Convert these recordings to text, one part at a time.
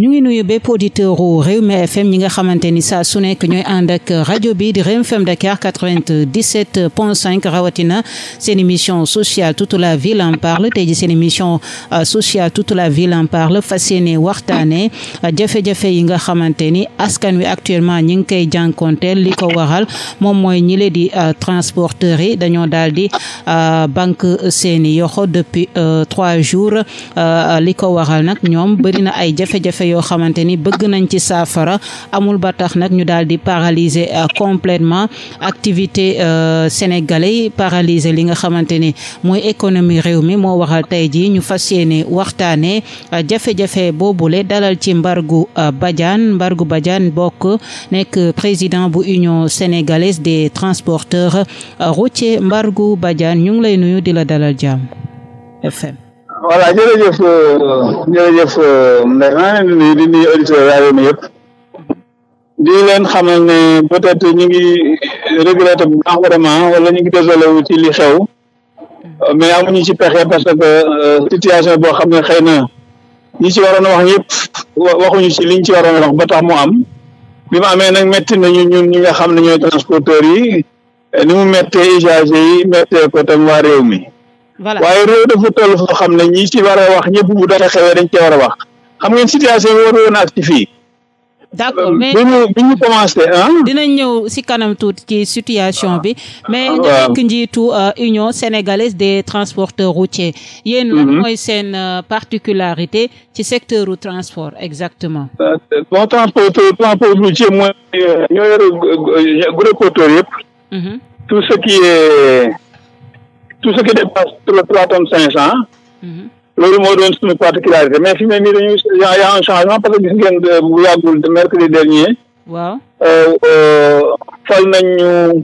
ñu ngi nuyu bépp auditeur u mais FM ñi nga xamante ni saa su nekk ñooy ànd ak rajo bi di Rewmi FM Dakar 97 point 5 rawatina seen mission sociale toute la ville en parle tey ji seen mission euh, sociale toute la ville en parle fas yéene waxtaane euh, jafe-jafe yi nga xamante ni askan wi actuellement ñu ngi koy jànkonteel li ko waral moom mooy ñi le di euh, transporteurs yi dañoo daal di banque seeni yoxo depuis trois jours li ko waral nag ñoom bëri ay jafe-jafe yoo xamante ni bëgg nañ ci saafara amul ba tax nag ñu daal di paralyser euh, complètement activité euh, sénégalais yi paralyser li nga xamante ni mooy économie réew mi moo waxal tey jii ñu fas yéene waxtaanee euh, jafe-jafe boobule dalal ci mbargu Badiane mbargu Badiane bokk nekk président bu union sénégalaise des transporteurs routiers Mbargou Badiane ñu ngi lay nuyu di la dalal jàmm voilà jërëjëf euh, jërëjëf euh, Ndeye maa ngi leen di nuyu di nuyu auditeurs rajo mi leen xamal ne peut-être ñu ngi regretté bu baax vraiment wala ñu ngi désolé wu ci li xew mais amuñu ci pexe parce que euh, situation boo xam ne xëy na ñi ci waroon wax yëpp waxuñu ci liñ ci waroon wax ba tax mu am bi mu amee nag métti nañu ñun ñi nga xam ne ñooy yi ni mu méttee usagers yi méttee ko tam waa réew mi. voilà waaye réew dafa toll foo xam ne ñi ci war a wax ñëpp bu dara xewee dañ ci war a wax xam ngeen situation bi war woon ak ci fii. d'accord euh, mais bi ñu bi ñu commencé ah. dinañ ñëw si kanam tuuti ci situation ah. bi. mais nga ah. nekk njiitu euh, Union sénégalaise des transporteurs routiers. yéen lan mm-hmm. mooy seen euh, particularité ci secteur u transport exactement. bon transport transport routier gros porteurs yëpp. Mm-hmm. tout ce qui est. tout ce qui dépasse trois tonnes cinq cent mhm. loolu moo doon suñu particularité mais fi mu ne nii dañuy y a un changement parce que gis ngeen bu yàggul de mercredi dernier euh, euh, fal nañu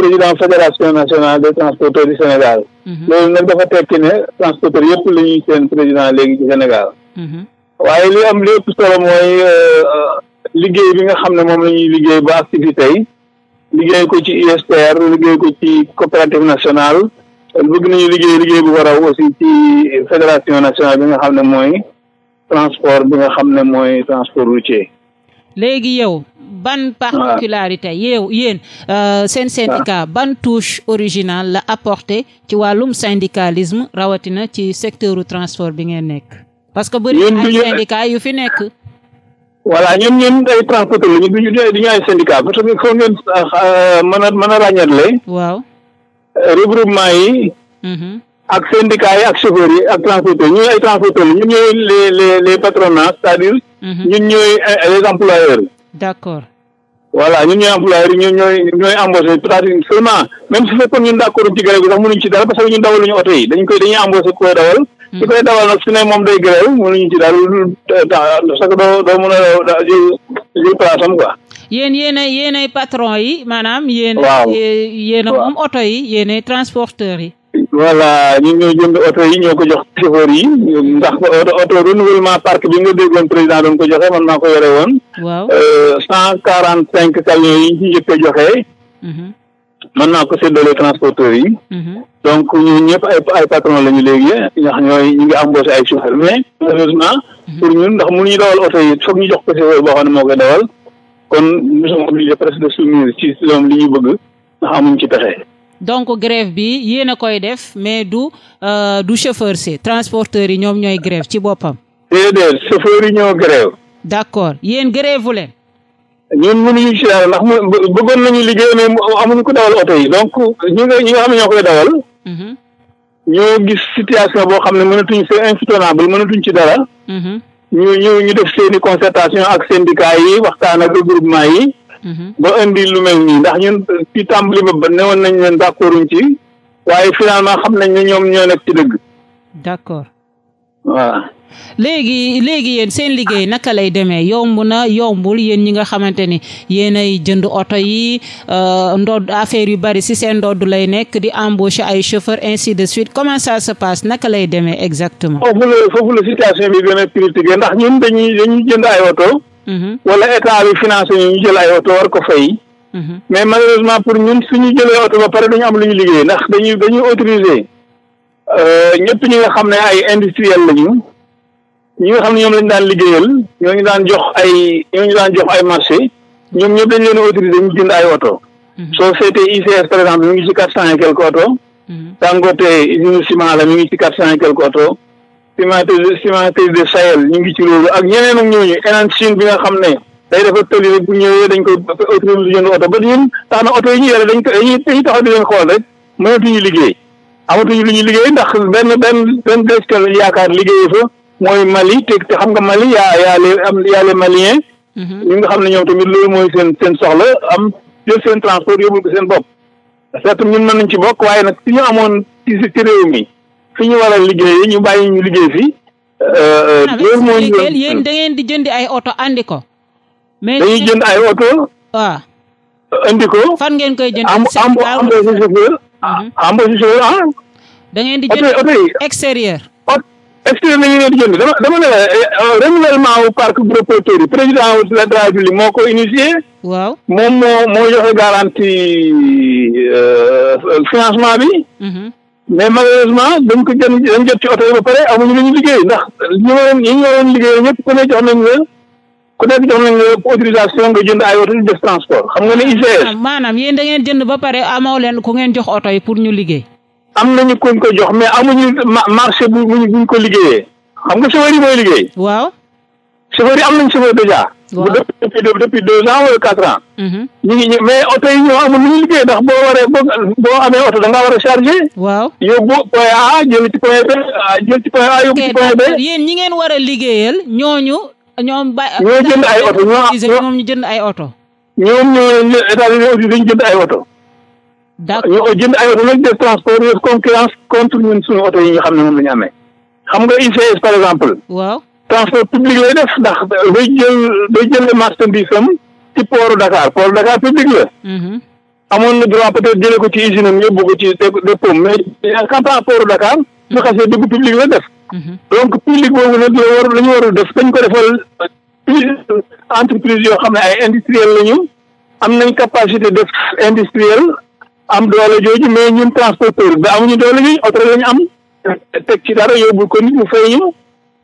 président fédération nationale des transporteurs du Sénégal mhm. loolu nag dafa tekki ne transporteurs yëpp la ñuy seen président léegi ci Sénégal mhm. waaye li am lépp solo mooy euh, liggéey bi nga xam ne moom la ñuy liggéey ba activité yi liggéey ko ci USTR liggéey ko ci coopérative nationale kon bëgg nañu liggéey liggéey bu war a aussi mooy xam ne mooy yow ban particularité yow yéen euh, seen syndicat ban touche originale la apporté ci wàllum syndicalisme rawatina ci secteur u transport bi ngeen nekk parce que bëri ay syndicat yu fi nekk voilà ñun ñun ay transporteur la ñu duñu duñu parce que il ngeen euh, mën a mën a ràññatle waaw regroupement yi. Mm-hmm. ak syndicat yi ak chauffeurs yi ak transporteurs ñun ay transporteurs ñun ñooy les les les patronats c'est-à-dire. Mm-hmm. ñun ñooy eh, les employeurs. d'accord. voilà ñu ñooy employé yi ñun ñooy ñooy embauché c'est-à-dire seulement même su fekkoon ñun d'accord ci grève bi sax mënuñu ci dara parce que ñun dawaluñu oto yi dañ koy dañuy embauché ku koy dawal hmm. su koy dawal nag su ne moom day grève mënuñu ci dara parce que doo doo a jël jël place am quoi yéen yéen ay yéen ay patron yi maanaam yéen yéen a moom oto yi yéen ay yi voilà ñu ñoo jënd oto yi ñoo ko jox chauffeur yi ndax oto oto renouvellement parc bi nga déggoon président doon ko joxe man maa ko yore woon. waaw euh, cent quarante cinq camions yi ñu njëkk a joxe. man mhm. naa ko séddale transporteurs yi. Mhm. donc ñu ñëpp ay ay patron la ñu léegi ndax ñooy ñu ngi embauché ay chauffeur mais mhm. pour ñun ndax mënuñu dawal oto yi foog ñu jox ko chauffeur boo ne moo koy dawal kon nous sommes obligés presque de soutenir ci loom li ñu bëgg ndax amuñ ci pexe. donc grève bi yéen a koy def mais du euh, du chauffeur si transporteurs yi ñoom ñooy grève ci boppam. déedéet chauffeur yi ñoo grève. d' accord yéen grève leen. ñun mënuñu ci dara ndax bëggoon nañu liggéey mais amuñu ko dawal oto yi donc ñi nga ñi nga xam ne ñoo koy dawal. Mm-hmm. ñoo gis situation boo xam ne mënatuñ c'est incontournable mënatuñ ci dara. Mm-hmm. ñu ñu ñu def seeni concertation ak syndicat yi waxtaan ak groupement yi. ba indi lu mel nii ndax ñun ci tàmbali ba ba newoon nañ leen d'accorduñ ci waaye finalement xam nañ ne ñoom ñoo nekk ci dëgg. d'accord. voilà. léegi léegi yéen seen liggéey naka lay demee yomb na yombul yéen ñi nga xamante ni yéen ay jënd oto yi euh, ndodd affaire yu bari si seen ndodd lay nekk di embaucher ay chauffeur ainsi de suite comment ça se naka lay deme exactement. foofu la foofu bi gën a critiqué ndax ñun dañuy dañuy jënd ay oto. Mm-hmm. wala état bi financé ñu ñu jël ay oto war ko fay. Mm-hmm. mais malheureusement pour ñun suñu jëlee oto ba pare duñu am lu ñu liggéey ndax dañu dañuy autorisé euh, ñëpp ñi nga xam ne ay industriel lañu ñu nga xam ne ñoom lañu daan liggéeyal ñoo ñu daan jox ay ñoo ñu daan jox ay marché ñoom ñëpp dañ leen autorisé ñu jënd ay oto. Mm-hmm. soo seetee ICS par exemple mi ngi ci quatre cent et quelque oto. Dangote usine ciment la ngi ci quatre cent et quelque oto. cimenterie cimenterie de Sahel ñu ngi ci loolu ak ñeneen ak ñooñu enaan Chine bi nga xam ne day dafa tëli rek bu ñëwee dañ koy autorise jënd oto ba ñun tax na oto yi ñu yore dañ ko dañuy taxaw xool rek mënatuñu liggéey amatuñu lu ñuy liggéey ndax benn benn benn directeur lañ yaakaar liggéey fa mooy Mali te xam nga Mali yaa yaa les am yaa les Maliens mhm. ñu nga xam ne ñoom tamit loolu mooy seen seen soxla am jël seen transport yóbbul ko seen bopp certes ñun mën nañ ci bokk waaye nag si ñu amoon ci ci réew fi ñu war a liggéey ñu bàyyi ñu liggéey fii. Euh, euh, ah, loolu moo ñu yéen di ay oto andi ko. mais dañuy jënd ay oto. waaw. ko. fan ngeen koy jënd Sénégal am am chauffeur. am ah, mhm. ah. da ngeen di jënd extérieur. extérieur la ngeen di jënd dama dama ne la eh, euh, renouvellement wu parc propriétaire président de la République moo ko initié. waaw moom moo moo joxe garantie financement bi. Mhm. mais malheureusement dañ ko jël dañ oto yi ba pare amuñu lu ñu liggéey ndax ñu waroon ñi ñu waroon liggéey ñëpp ku ne jox nañ la ku nekk jox nañ la autorisation jënd ay oto di def transport xam nga ne ICS. Ah, maanaam yéen da ngeen jënd ba pare amoo leen ku ngeen jox oto yi pour ñu liggéey. am nañu kuñ ko jox mais amuñu marché bu buñ ko liggéeyee xam nga chauffeur yi mooy liggéey. waaw. chauffeur yi am nañ chauffeur déjà. waaw depuis quatre ans. ñu ngi ñu mais oto yi ñoo amul lu ñu liggéey ndax boo waree boo amee oto da ngaa war a chargé. waaw yóbbu point A jël ci point B ah, jël ci point A yóbbu ci point B. a liggéeyal ñooñu. ñoom ba ñoo jënd ay oto ñoom ñu jënd ay oto. ñoom ñoo États-Unis aussi dañu jënd ay oto. d'accord ñoo jënd ay oto lañ def transport yooyu concurrence contre ñun suñu oto yi nga xam ne moom la ñu amee. xam nga ICS par exemple. waaw. transport public lay def ndax day jël day jëlee marchandise am ci pooru Dakar pooru Dakar public la. Mhm. amoon na droit peut-être jëlee ko ci usine am yóbbu ko ci dépôt am mais quant à pooru Dakar su xasee dugg public la def. Mhm. donc public boobu nag la war la war a def dañ ko defal entreprise yoo xam ne ay industriel lañu am nañ capacité def industriel am doole jooju mais ñun transporteur bi ñu doole jooju oto la ñu am teg ci dara yóbbu ko nit mu fay ñu.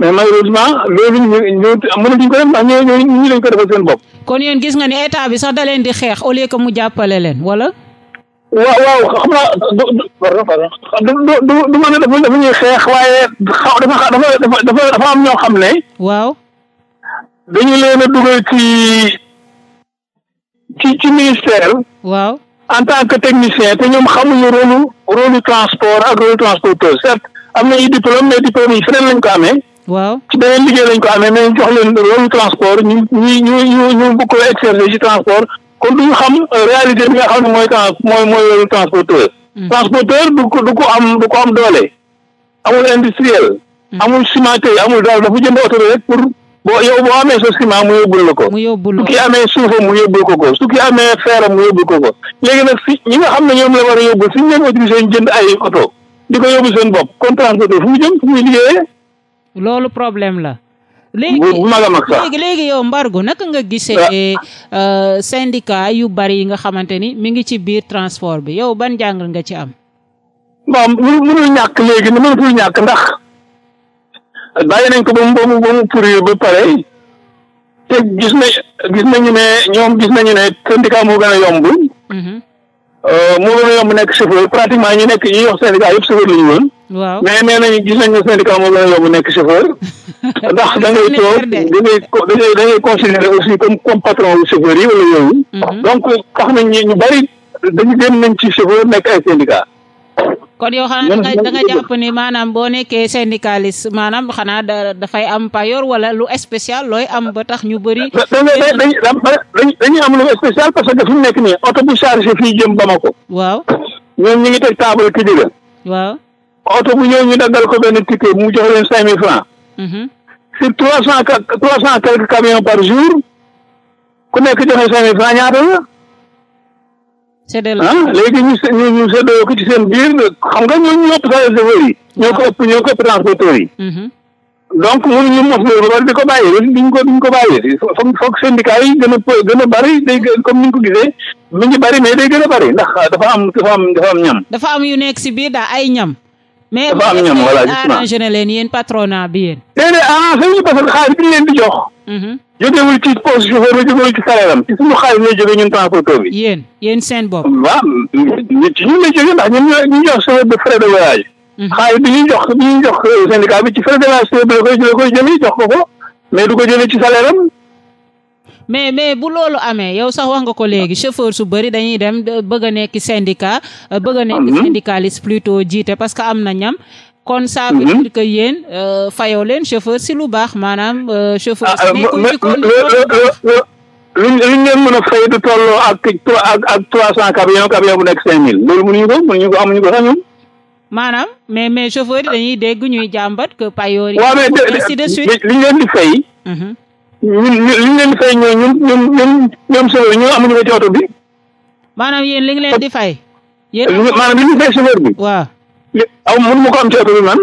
mais may loolu ñu mënatuñ ko def ndax ñoo ñoo ko defal seen bopp. kon yéen gis nga ni état bi sax da di xeex au lieu mu jàppale leen wala. waaw waaw xam naa du du du du du dafa ñuy xeex waaye xaw dafa dafa dafa dafa am ñoo xam ne. waaw. dañu leen a dugal ci ci ci ministère. waaw en tant que technicien te ñoom xamuñu rôle rôle transport ak rôle transporteur certes am na ay diplôme mais diplôme yi feneen lañ ko amee. waaw ci beneen liggéey lañ ko amee mais jox leen loolu transport ñu ñu ñu ñu ñu bëgg ko exercer ñu transport xam euh, réalité bi nga xam ne mooy trans mooy mooy loolu transporteur hmm. transporteur du ko du ko am du ko am doole amul industriel hmm. amul cimenterie amul daal dafa jënd oto rek pour boo yow boo amee sa ciment mu yóbbul la ko su ki amee suufam mu yóbbul ko ko su ki amee feeram mu yóbbul ko ko léegi na fi ñi nga xam ne ñoom la war a yóbbul suñu leen autorisé ñu jënd ay oto di ko yóbbu seen bop kon transporteur fu mu fu muy liggéeyee loolu problème la. léegi léegi léegi yow Mbargou naka nga gisee eh, euh, syndicat yu bari yi nga xamante ni mi ngi ci biir transport bi yow ban jàng nga ci am. bon mënul ñàkk léegi ni mënatul ñàkk ndax bàyyi nañ ko ba mu ba mu ba mu pourrir ba pare te gis na gis ne ñoom gis nañu ne syndicat moo gën a yomb. Mm-hmm. Euh, mënoon yomb nekk chauffeur pratiquement ñu nekk ñi wax syndicat yëpp chauffeur la waaw mais nee nañu gis nañu syndicat moo gën a yomb nekk chauffeur. ndax da ngay toog da ngay da ngay da ngay considéré aussi comme comme patron wu chauffeur yi wala yooyu. Mhm. donc tax nañ ñu ñu bëri dañu dem nañ ci chauffeur nekk ay syndicat. kon yow xanaa da nga jàpp ni maanaam boo nekkee syndicaliste maanaam xanaa da dafay am payoor wala lu spécial looy am ba tax ñu bëri. dañuy am lu spécial parce que fi mu nekk nii oto bu chargé fii jëm Bamako. waaw ñoom ñu ngi teg table ki waaw oto bu ñëw ñu daggal ko benn ticket mu jox leen cinq mille francs. Mm-hmm. sur trois cent trois cent par jour ku nekk joxe cinq ñaata la. séddale ah léegi ñu ñu ñu séddale ko ci seen biir xam nga ñoo ñu ëpp saa yi ñoo ko ah. ëpp ñoo ko ëpp transporteurs yi. Mm-hmm. donc mënuñu mos loolu ba di ko bàyyi duñ ko duñ ko bàyyi foog foog syndicat yi gën a a bari day comme ni ko gisee mi ngi bari mais day gën a bari ndax dafa am dafa am ñam. dafa am yu nekk si ay ñam. mais dafa am ñoom leen yéen patronat bi yéen. déedéet arrangé ñu parce que xaalis bi leen di jox. jógewul ci poste chauffeur ba jógewul ci salaire am ci xaalis lay jógee ñun transporteur bi. yéen yéen seen bopp. waaw ci ñun lay jógee ndax ñun ñu jox chauffeur de frais de voyage. xaalis bi ñuy jox bi ñuy jox syndicat bi ci frais de voyage chauffeur bi la koy jëlee jox ko ko mais du ko jëlee ci salaire am. mais mais bu loolu amee yow sax wax nga ko léegi chauffeur su bëri dañuy dem bëgg a nekk syndicat euh, bëgg a nekk mhm. syndicaliste plutôt jiite parce que am na ñam kon ça veut mhm. dire que euh, fayoo leen chauffeur si lu baax maanaam euh, chauffeur ah, si lu ah, ci kon luñ luñ leen mën a fay ak ak ak trois cent camion camion bu nekk cinq mille loolu ko mënuñu ko ko sax maanaam mais mais chauffeur yi dañuy dégg ñuy jàmbat que payoor yi ainsi de suite liñ ñun ñun li ñu leen di fay ñoom ñoom ñoom ñoom chauffeur ñoom amuñu ba ci oto bi. maanaam yéen li ngi leen di fay. yéen maanaam li ñu fay bi. waaw li aw mënu ma ko am ci oto bi man.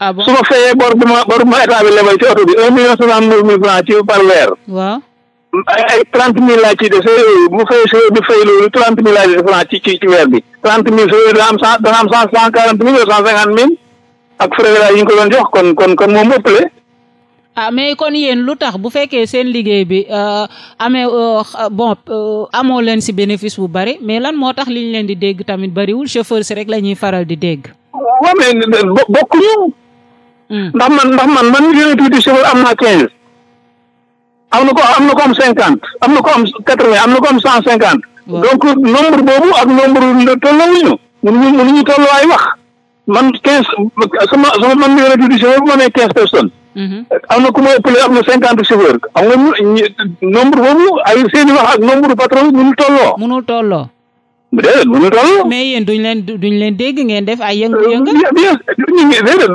ah bon su ma fayee bor ma bor bu ma état bi lebal ci oto bi un million a neuf mille francs ci par weer. waaw. ay ay trente mille laa ciy dese bu ma fayee bi fay loolu trente mille laa ciy def ci ci ci weer bi trente mille chauffeur bi dana am cent dana am cent cent quarante mille ak frais yi ñu ko doon jox kon kon kon moom ëppale. ah mais kon yéen lu tax bu fekkee seen liggéey bi euh, amee euh, bon euh, amoo leen si bénéfice bu bari mais lan moo tax liñ leen di dégg tamit bariwul chauffeur si rek la ñuy faral di dégg. waaw mais bokkuñu. Hmm. ndax man ndax man man li tuuti chauffeur am naa am na ko am na ko am cinquante am na ko am quatre-vingts am na ko am cent cinquante. donc nombre boobu ak nombre tolluwuñu. mënuñu mënuñu tolluwaay wax man quinze sama sama man li tuuti chauffeur bu ma nee quinze Mm-hmm. am na ku ma ëppale am na cinquante chauffeur am na nombre boobu ay seen i wax ak nombre patron mënul tolloo. mënul tolloo. déedéet mënul tolloo. mais yéen duñ leen duñ leen dégg ngeen def ay yëngu-yëngal. Euh, bien bien déedéet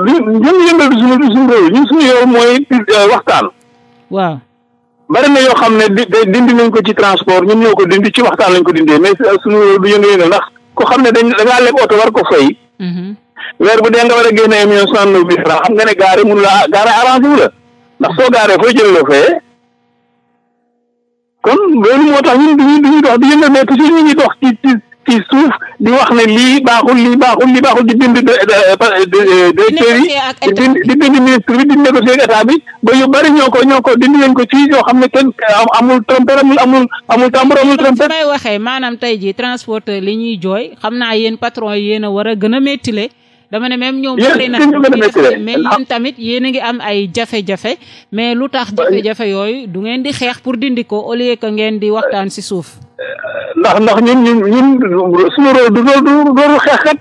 yëngal bi suñu suñu réew ñun mooy euh, waxtaan. waaw. bari na yoo xam ne di dindi nañ ko ci transport ñun ñoo ko dindi ci waxtaan lañ ko dindee mais euh, suñu réew du yëngu-yëngal ndax ko xam ne dañ da ngaa leb oto war ko fay. Mm-hmm. weer bu dee nga war a génne émission xam nga ne gaare mënu la ah gaare arrangé wu la ndax soo gaaree fooy jël la fee kon loolu moo tax ñun duñu duñu dox di yëngal mais toujours ñu ngi dox ci ci ci suuf di wax ne lii baaxul lii baaxul lii baaxul di bind yi di bind ministre bi di négocier ak ba yu bari ñoo ko ñoo ko dindi nañ ko ci yoo xam ne kenn amul trompeur amul amul amul tambour amul trompeur may waxee maanaam tey ji transporteur li ñuy jooy xam naa yéen patron yéen a war a gën a méttile dama ne même ñoom bëri na mais yéen tamit yéen ngi am ay jafe-jafe mais lu tax jafe-jafe yooyu du ngeen di xeex pour dindi ko au que ngeen di waxtaan si suuf ndax ndax ñun ñun ñun suñu rôle du loolu loolu xeexkat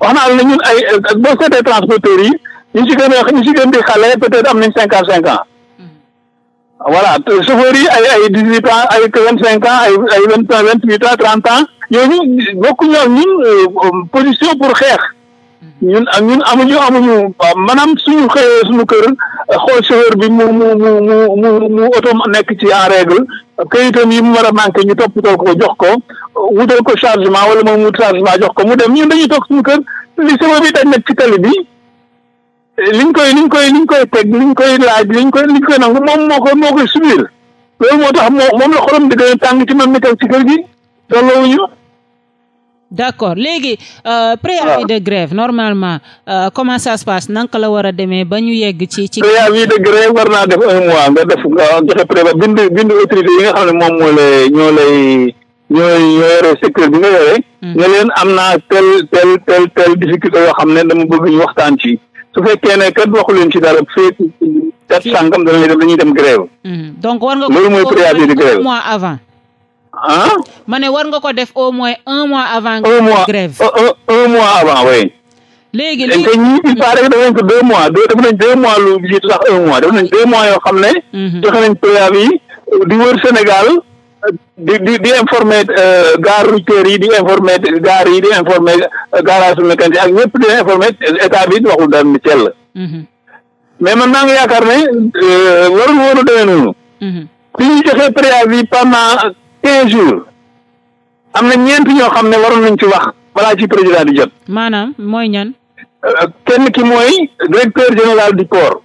wax naa la ñun ay boo seetee transporteurs yi ñu si gën a ñu si gën di xale peut être am nañ cinquante cinq ans hmm. voilà chauffeurs yi ay ay dix huit an ay vingt cinq ans ay ay vingt huit ans trente ans yooyu bokk ñoom ñun euh, position pour xeex ñun ak ñun amuñu amuñu maanaam suñu xëyee suñu kër xool chauffeur bi mu mu mu mu mu mu oto nekk ci en règle këyitam yi mu war a manqué ñu toppatoo ko jox ko wutal ko chargement wala moom wut chargement jox ko mu dem ñun dañuy toog suñu kër li sama bi dañ nekk ci tali bi liñ koy liñ koy liñ koy teg liñ koy laaj liñ koy liñ koy nangu moom moo koy moo koy subir loolu moo tax moom la xolam di gën a tàng ci man mi tam ci kër gi tolloowuñu d'accord léegi euh, préavis de grève normalement euh, comment ça se passe la war a demee ba ñu yegg ci ci préavis de grève war naa def un mois nga def nga joxe préavis bind bind autorité yi nga xam ne moom moo lay ñoo lay ñooy ñoo yore secteur bi nga yore hmm. nga leen am naa tel tel tel tel difficulté yoo xam ne dama bëgg ñu waxtaan ci su fekkee ne kat waxu leen ci dara feek kat sàngam dana lay dañuy dem grève hmm. donc war nga loolu mooy préavis de grève mois avant ah. ma ne war nga ko def au moins un mois avant. grève un mois avant oui. léegi léegi te ñii il paraît que def nañ ko deux mois doo def nañ deux mois lu jiitu sax un mois def nañ deux mois yoo xam ne. Mhm. joxe nañ préavis di wër Sénégal di di di informer euh, gare routière yi di informer gare yi di informer euh, garage mécanique ak ñëpp di informer état bi waxul daal ni teel mhm. mais man maa ngi yaakaar ne euh, warul woon a demee noonu. Mhm. bi ñu joxe préavis pendant. quinze jours am na ñeent ñoo xam ne waroon nañ ci wax balaa ci président di jot. maanaam mooy ñan. Euh, kenn ki mooy directeur général di port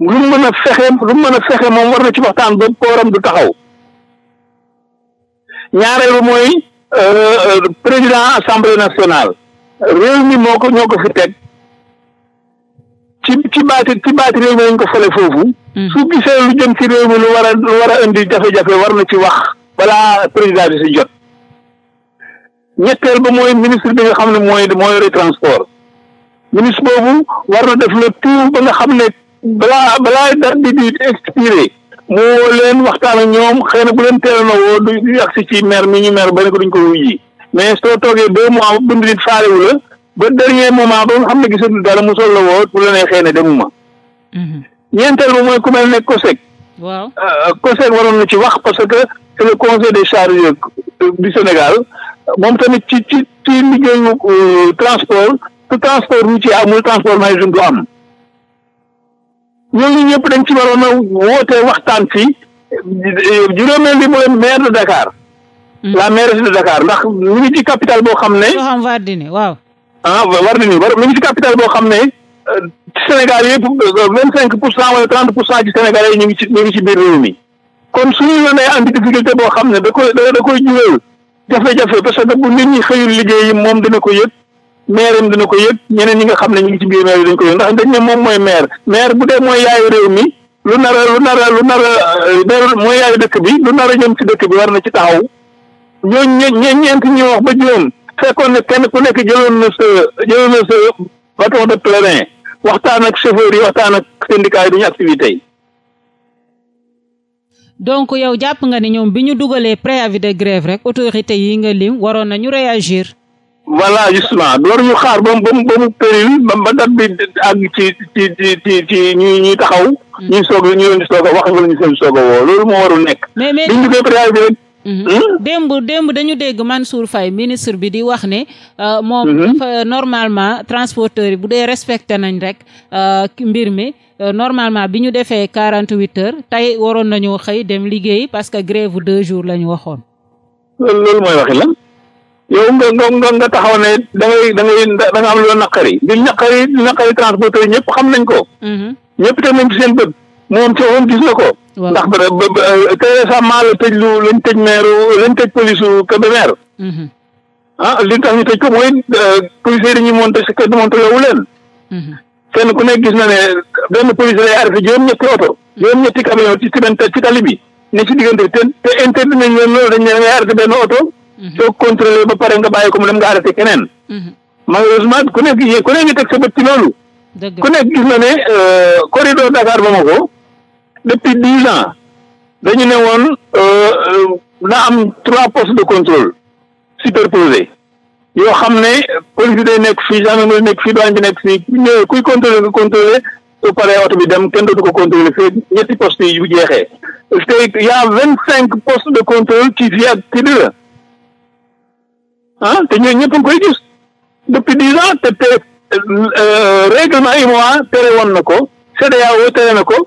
lu mu mën a fexe lu mu mën a fexe moom war na ci waxtaan ba pooram di taxaw ñaareelu mooy euh, euh, président assemblée nationale réew mi moo fi teg ci ci baati ci baati réew mi lañ ko fale foofu. Hmm. su gisee lu jëm ci réew mi lu war lu war indi jafe-jafe war na ci wax balaa président bi si jot. ñetteel ba mooy ministre bi nga xam ne mooy mooy yore transport ministre boobu war na def le tout ba nga xam ne balaa balaa date di expiré mu leen waxtaan ak ñoom xëy na bu leen teel na woo du yàgg si ci maire mi ñu maire ba ne ko duñ ko wujji mais soo toogee deux mois bind nit faalewu la ba dernier moment ba nga xam ne gisatul dara mu sol la woo fu la neexee ne demuma. Mhm. ñeenteel ba mooy ku mel ne COSEC. waaw euh, COSEC waroon na ci wax parce que c'est le conseil des chargeurs du Sénégal moom tamit ci ci ci liggéeyu euh, transport su transport ci amul transport maritime du am. ñooñu ñëpp dañ ci waroon a wootee waxtaan ci juróomeel bi mooy maire de Dakar. Mhm. la maire de Dakar ndax ñu ngi ci capitale boo xam ne. waaw. ah war nañu war mi ngi si capital boo xam ne euh, ci Sénégal yëpp euh, vingt cinq pour cent wala trente pour cent ci Sénégal yi ñu ngi ci ñu ngi ci biir réew mi kon suñu yónnee am difficulté boo xam ne da koy da koy jural jafe-jafe nit ñi xëyul liggéeyi moom dana ko yëg maire am dana ko yëg ñeneen ñi nga xam ne ñu ngi ci biir maire yi dañ dañ ne moom mooy maire maire bu dee mooy yaayu réew mi lu nar a lu nar a lu nar a euh, mooy yaayu dëkk bi lu nar a si dëkk bi war na ci taxaw ñooñu ñeent ñi wax ba juróom fekkoon ne kenn ku nekk jëloon na sa jëloon na sa bâton de pèlerin waxtaan ak chauffeur yi waxtaan ak syndicat yi duñu activité yi. donc yow jàpp nga ni ñoom bi ñu dugalee préavis de grève rek autorité yi nga lim waroon na nañu réagir. voilà justement loolu ñu xaar ba mu ba mu ba mu péri ba date bi àgg ci ci ci ci ñuy ñuy taxaw. Hmm. ñu soog ñu a wax ñu leen di loolu moo warul nekk. mais mais Mm-hmm. Hmm? démb démb dañu dégg man Mansour Faye ministre bi di wax ne euh, moom mm-hmm. euh, normalement transporteur yi bu dee respecté nañ rek euh, mbir mi normalement bi ñu defee quarante huit heures tey waroon nañoo xëy dem liggéey parce que grève deux jours la ñu waxoon loolu mooy waxi lan yow nga nga nga taxaw ne da ngay da ngay da nga am naqari di naqari di naqari transporteur yi ñëpp xam nañ ko mm-hmm. ñëpp teg nañ seen bët moom ci na ko ndax te récemment la tëj lu lañ tëj meeru lañ tëj police Kébémer mhm. ah, li tax ñu tëj ko mooy euh, police yi dañuy monté si kër monté lewu leen mhm. kenn ku nekk gis na ne benn police lay arrêté juróom-ñetti oto juróom-ñetti camion ci sibente ci bi ne ci diggante te te interdit loolu dañ ne da ngay arrêté benn oto mhm. soo contrôlé ba pare nga bàyyi ko mu dem nga arrêté keneen malheureusement ku nekk ku nekk ngi teg sa bët ci loolu ku nekk gis na ne euh, corridor Dakar ba ma ko depuis dix ans dañu ne woon euh, na am trois postes de contrôle superposés yoo xam ne police bi day nekk fii gendarmerie nekk fii douane bi nekk fii ku ñëwee kuy contrôler nga contrôler su paree oto bi dem kenn dootu ko contrôler fii ñetti post yi bu jeexee parce a vingt cinq postes de contrôle ci fii ak ci dëra ah te ñooñu ñëpp a koy gis depuis dix ans te te euh, règlement UEMOA tere woon na ko CEDEAO tere na ko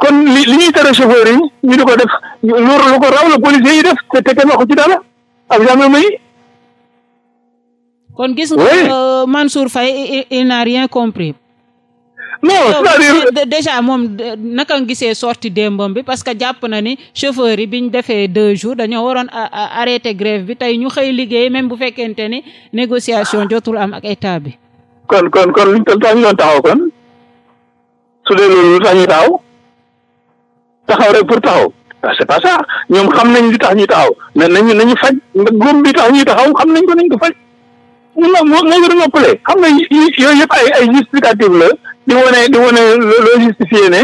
kon li li ñuy tere chauffeur yi ñu di ko def loolu lu ko raw la yi def te te kenn waxu ci dara ak gendarmerie. kon gis nga euh, Mansour il n'a rien compris. non c'est-à-dire déjà moom naka gisee sorti démbam bi parce que jàpp na ni chauffeur yi bi ñu defee deux jours dañoo waroon arrêté grève bi tey ñu xëy liggéey même bu fekkente ni négociation jotul am ak état bi. kon kon kon li ñu doon taxaw kon su dee loolu lu tax ñu taxaw. taxaw rek pour taxaw ah, c' est pas ça ñoom xam nañ li tax ñuy taxaw mais nañu nañu faj góob bi tax ñuy taxaw xam nañ ko nañ ko faj mun na moo nga gën a noppale xam nga yooyu yëpp ay ay justificatif la di wane di wane loo justifié ne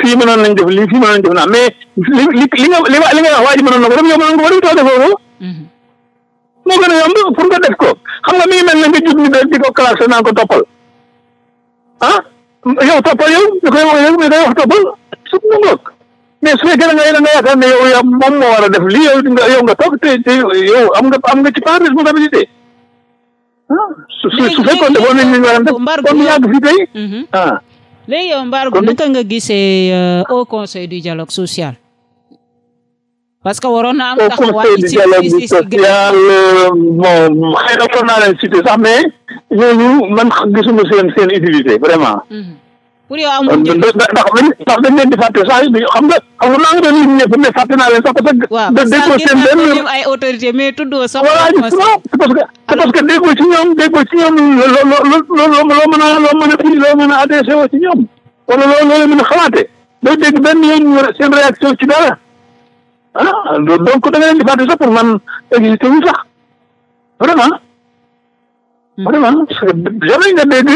fii mënoon nañ def lii fii mënoon nañ def naa mais li li li nga li nga wax waa ji mënoon na ko def yow mënoon nga ko def tax defoo ko mhm. moo gën a yomb pour nga def ko xam nga mi ngi mel ne nga jub ni di ko classé naa ko toppal ah yow toppal yow ñu koy wax yow ñu koy wax toppal su mu ngoog mais su fekkee nga da nga yaakaar ne yow moom moo war a def lii yow nga yow yow am nga am nga ci part responsabilité ah su su fekkoon ne boobu ñu war a def kon yàgg fi tey mm-hmm. ah. léegi yow Mbargou naka nga gisee euh, que waroon na am na man seen seen utilité vraiment. Mm-hmm. pour yow amul njëriñ ndax ndax dañ leen di fàtte saa yi xam nga xam nga maa ngi doon lim ñëpp mais fàtte naa leen sax parce que. waaw parce que ngeen ay autorité mais tuddoo sax. parce que parce que déggoo ci ñoom déggoo ci ñoom loo loo loo loo mën a loo mën a fii loo mën a adressé woo ci ñoom wala loo loo mën a xalaate doo dégg benn yoon seen réaction ci dara ah donc da nga leen di fàtte sax pour man existé wu sax vraiment. Hmm. vraiment parce que jamais nga dégg.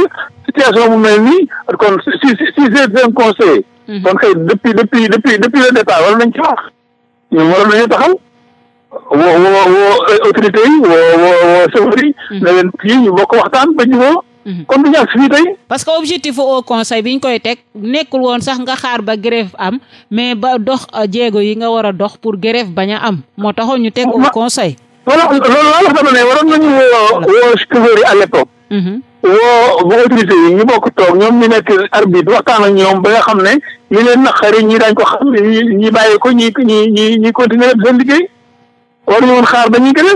situation bu mel nii kon si si si c'est un conseil. Mhm. kon kay depuis depuis depuis depuis le départ war nañ ci wax ñun waroon nañu taxaw woo woo woo mhm. ñu bokk waxtaan ba jubóo. Mhm. kon du ñu ak fii tey. parce que objectif o conseil bi ñu koy teg nekkul woon sax nga xaar ba grève am mais ba dox jéego yi nga war a dox pour grève bañ a am moo taxoon ñu teg au conseil. loolu laa wax dama ne waroon nañu woo woo à l'époque. woo ba autorité yi ñu bokk toog ñoom ñu nekk arbitre waxtaan ak ñoom ba nga xam ne ñu leen naqari ñi daañ ko xam ñi bàyyi ko ñi ñi ñi ñi continuer seen liggéey war ñu woon xaar ba ñu gën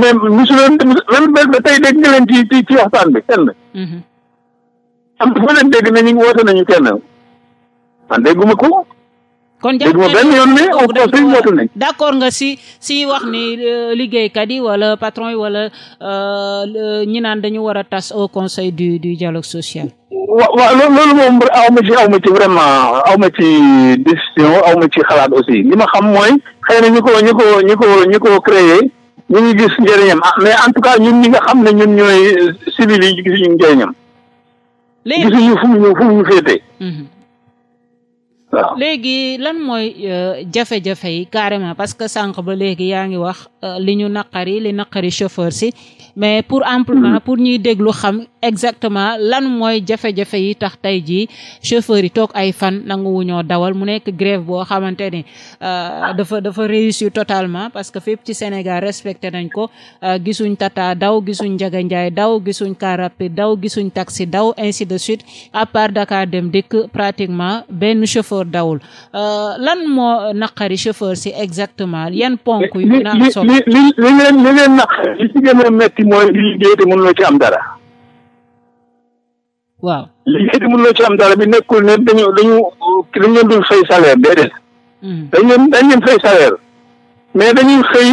mais mosu leen même ba tey dégg nga leen ci ci ci waxtaan bi kenn. Mhm. am na fa leen dégg ne ñu nañu kenn man dégguma ko. kon jàpp nañu d'accord nga si si wax ni euh, liggéeykat yi wala patron yi wala euh, ñi naan dañu war a tas au conseil du du dialogue social. wa wa loolu moom aw ma ci aw ma ci vraiment aw ma ci décision aw ma ci xalaat aussi li ma xam mooy xëy na ñu ko ñu ko ñu ko ñu ko créé ñu ngi gis njëriñam ah mais en tout cas ñun ñi nga xam ne ñun ñooy civil yi gisuñu njëriñam. léegi gisuñu fu mu ñu fu mu ñu féete. Mhm. léegi lan mooy euh, jafe-jafe yi carrément parce que sànq ba léegi yaa ngi wax Euh, li ñu naqari li naqari chauffeur si mais pour amplement pour ñuy déglu xam exactement lan mooy jafe-jafe yi tax tey jii chauffeur yi toog ay fan nanguwuñoo dawal mu nekk grève boo xamante ni euh, dafa dafa réussir totalement parce que fépp ci Sénégal respecté nañ ko euh, gisuñ tata daw gisuñ Njaga Njaay daw gisuñ car daw gisuñ taxi daw insi de suite à part Dakar dem dikk pratiquement benn chauffeur dawul lan moo naqari chauffeur si exactement yan ponk yu na am solo li li li leen li leen naq li ci gën a metti mooy li liggéey te mënuloo ci am dara. waaw liggéey te la ci am dara bi nekkul ne dañu dañu dañ leen dul fay salaire déedéet. Hmm. dañ leen dañ leen fay salaire mais dañuy xëy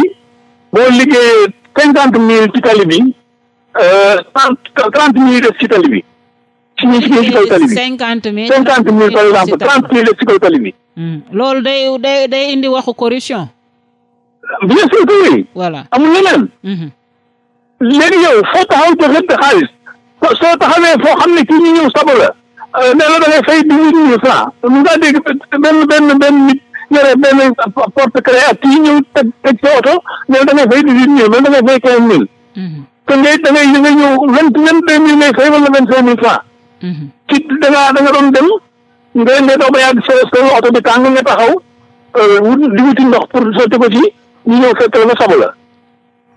boo liggéeyee cinquante mille ci tali bi euh, trente trente mille def ci tali bi. ci ñi ci ñi kaw tali bi cinquante mille ci kaw tali hmm. loolu day day day indi waxu bien sûr que oui. voilà amul leneen. Mhm. léegi yow foo taxaw jox leen xaalis soo taxawee foo xam ne kii ñu ñëw sabo la nee euh, la da ngay fay dix-huit mille francs mu ngaa dégg benn benn benn nit yore benn porte-clé ak kii ñëw teg teg sa oto nee la da ngay fay dix-huit mille man da ngay fay quinze mille mhm. te ngay da ngay nga ñëw vingt vingt deux mille ngay fay wala vingt cinq mille francs mhm. ci da ngaa da nga doon dem nga nga doog ba yàgg sa sa oto bi tàng nga taxaw euh, wut di wuti ndox pour sotti ko ci ñu ñëw fekk la nga sabala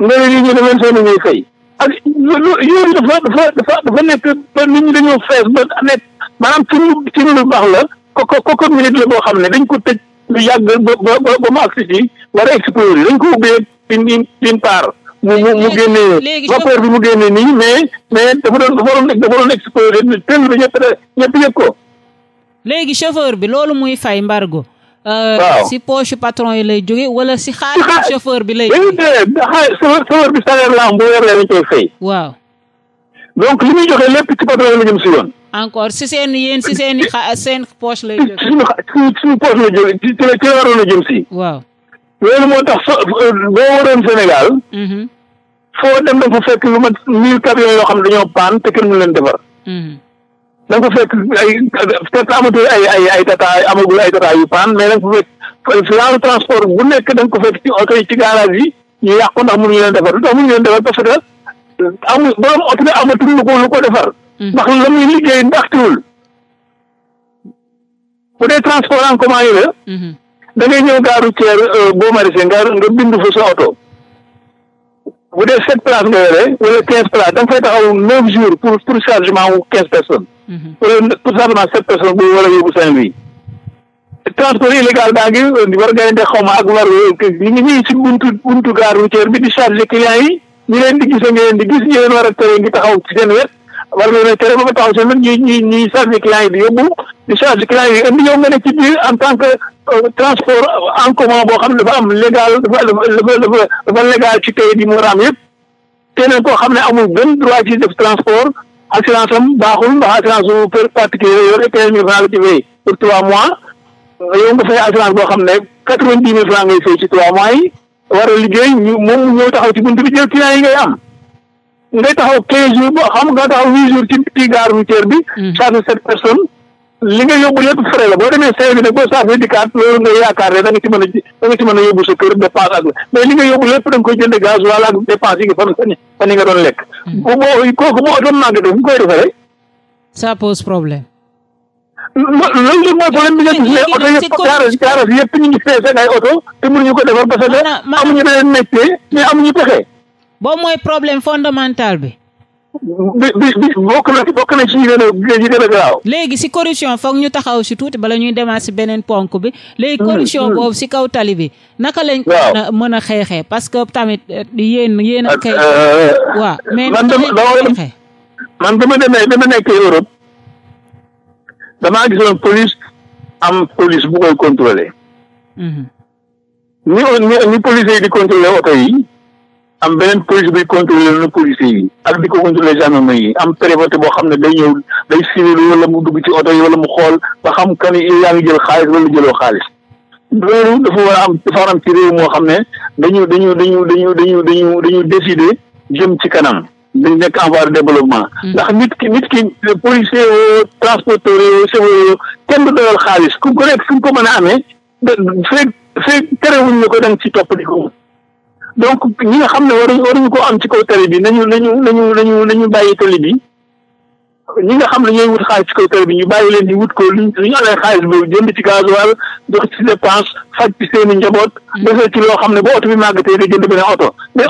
nga ne lii ñu ne vingt cinq mille ngay fay ak yooyu dafa dafa dafa dafa nekk ba nit ñu dañoo fees ba nekk maanaam ci lu ci lu baax la ko ko ko minute la boo xam ne dañ ko tëj lu yàgg ba ba ba ma agsi ci war a explorer dañ ko ubbee une une part mu mu mu génnee vapeur bi mu génnee nii mais mais dafa doon dafa doon dafa doon explorer tëll ñëpp ñëpp yëg ko léegi chauffeur bi loolu muy fay mbargo Euh, si poche patron yi lay jóge wala si xaalis chauffeur bi lay chauffeur bi salaire la am boo yoree lañ koy fay waaw donc li muy joxe lépp ci patron yi la jëm si yoon encore si seen yéen si seen i xa seen poche lay jóge suñu suñu poche la jóge ci la ci la waroon a jëm si waaw loolu moo tax so euh, boo waroon Sénégal mm-hmm. foo dem da nga fekk lu ma mille camions yoo xam ne dañoo paan te kenn mu defar mm-hmm. da nga ko fekk ay fekk ay ay ay ay tata yu paan mais da bu nekk da ko fekk ci oto yi ci garage yi ñu yàqu ndax mënuñu leen defar lu tax mënuñu leen ko lu ko hmm. liggéey ndaxtiwul bu dee transport hmm. da ngay ñëw gaaru ceer boo maraîcher nga nga bindu fa sa oto. bu dee sept places nga yore wala quinze places da fay taxaw neuf jours pour pour chargement wu quinze personnes. pour mhm. simplement sept personnes bu war a yóbbu Saint-Louis transport illégal baa ngi war nga ne xaw ma ak war li ngi ñuy si buntu buntu gare routière bi di chargé client yi ñu di gis a ngi leen di gis ñu leen war a tere ngi taxaw ci seen wet war nga ne tere ba ba taxaw seen wet ñuy ñuy ñuy chargé client yi di yóbbu di chargé client yi indi yow nga ne ci en tant que euh, transport en commun boo xam ne dafa am légal dafa dafa dafa dafa légal ci kayit yi mu yëpp keneen koo xam ne amul benn droit ci def transport assurance am baaxul ndax assurance bu per particulier yore quinze mille franc la ci fay pour trois mois yow nga fay assurance boo xam ne quatre vingt dix mille franc ngay fay ci trois mois war a liggéey ñu moom ñëw taxaw ci bunt bi jël client yi ngay am ngay taxaw quinze jours boo xam nga taxaw huit jours ci ci bi hmm. charge sept personnes li nga yóbbu lépp frais la boo demee seen bi nag boo saafee dikkaat loolu nga yaakaar ne da nga ci mën a da nga a yóbbu sa kër dépense ak mais li nga yóbbu lépp da nga koy jënd gaz wala ak dépense yi fan fan nga doon lekk. Hmm. boo kooku boo doon manqué def nga koy defaree. ça pose problème. loolu lépp mooy problème bi nga gis ne oto yëpp garage garage yëpp ñu ngi fees ak ay oto te mënuñu ko defar parce que amuñu beneen métier mais amuñu boo mooy problème fondamental bi. bi bi bokk na bokk na ci gën a yi léegi si corruption foog ñu taxaw si tuuti bala ñuy demaat si beneen ponk bi léegi hmm, corruption hmm. boobu si kaw tali bi naka lañ mën a mën xeexee parce que tamit eh, yéen yéen a kay euh, waaw mais man dama man dama demee dama nekk Europe damaa gisoon police am police bu koy mhm. ni police yi di contrôler oto yi am beneen police buy contrôler na policiers yi ak di ko contrôler yi am préfet boo xam ne day ñëw day civil wala mu dugg ci oto yi wala mu xool ba xam kan yaa ngi jël xaalis wala jëloo xaalis loolu dafa war a am dafa war a am ci réew moo xam ne dañu dañu dañu dañu dañu dañu dañu décider jëm ci kanam dañ nekk en voie de développement hmm. ndax nit ki nit ki policier woo transporteur yoo chauffeur yoo kenn du doyal xaalis ku ko nekk fu ko mën a amee fekk fekk terewuñ la ko danga ci topp ko donc ñi nga xam ne waruñu ko am ci kaw tali bi nañu nañu nañu nañu nañu bàyyi tali bi ñi nga xam ne ñooy wut xaalis ci kaw tali bi ñu bàyyi leen di wut ko luñ suñu amee xaalis boobu xam ne ba oto bi màggatee da jënd beneen oto i eh,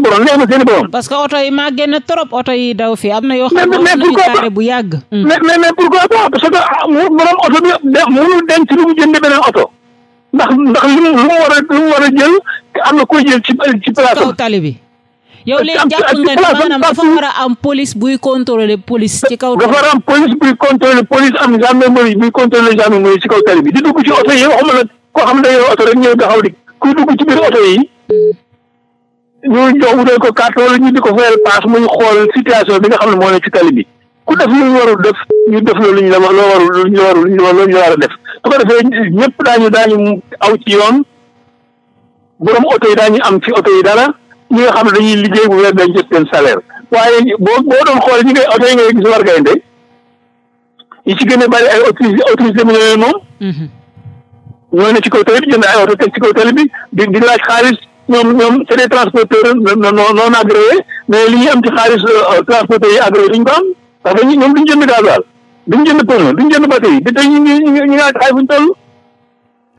borom que oto yi màggee na bu yàgg hmm. mais mais pourquoi pas parce ah, lu mu jënd beneen oto ndax ndax li mu lu mu war a lu mu war a jël am na koy jël ci ci place kaw tali bi. yow léegi jàpp nga ne maanaam dafa war a am police buy contrôler police. ci kaw dafa war a am police buy contrôler police am gendarmerie buy contrôler gendarmerie ci kaw tali bi di dugg ci oto yi waxuma nag koo xam ne yow oto rek ñëw taxaw di kuy dugg ci biir oto yi. ñu jox wutal ko carte wala ñu di ko fayal paas muy xool situation bi nga xam ne moo ne ci tali bi ku def lu ñu warul def ñu def loolu ñu la wax loo warul lu ñu warul lu ñu war a def. su ko defee ñëpp daañu daañu aw ci yoon borom oto yi daañu am ci oto yi dara ñi nga xam ne dañuy liggéey bu weer dañ jot seen salaire waaye boo boo doon xool ñi ngay oto yi ngay gis war gaynde yi ci gën a bëri ay autorisé autorisé mu ne moom mhm. ñoo ne ci kaw tali bi jënd ay oto teg ci kaw tali di di laaj xaalis ñoom ñoom c'est des transporteurs non non agréé mais li ñuy am ci xaalis euh, transporteurs yi agréé duñ ko am parce que ñoom duñ jënd duñ jënd pneu duñ jënd batterie te tey ñu ngi ñu ngi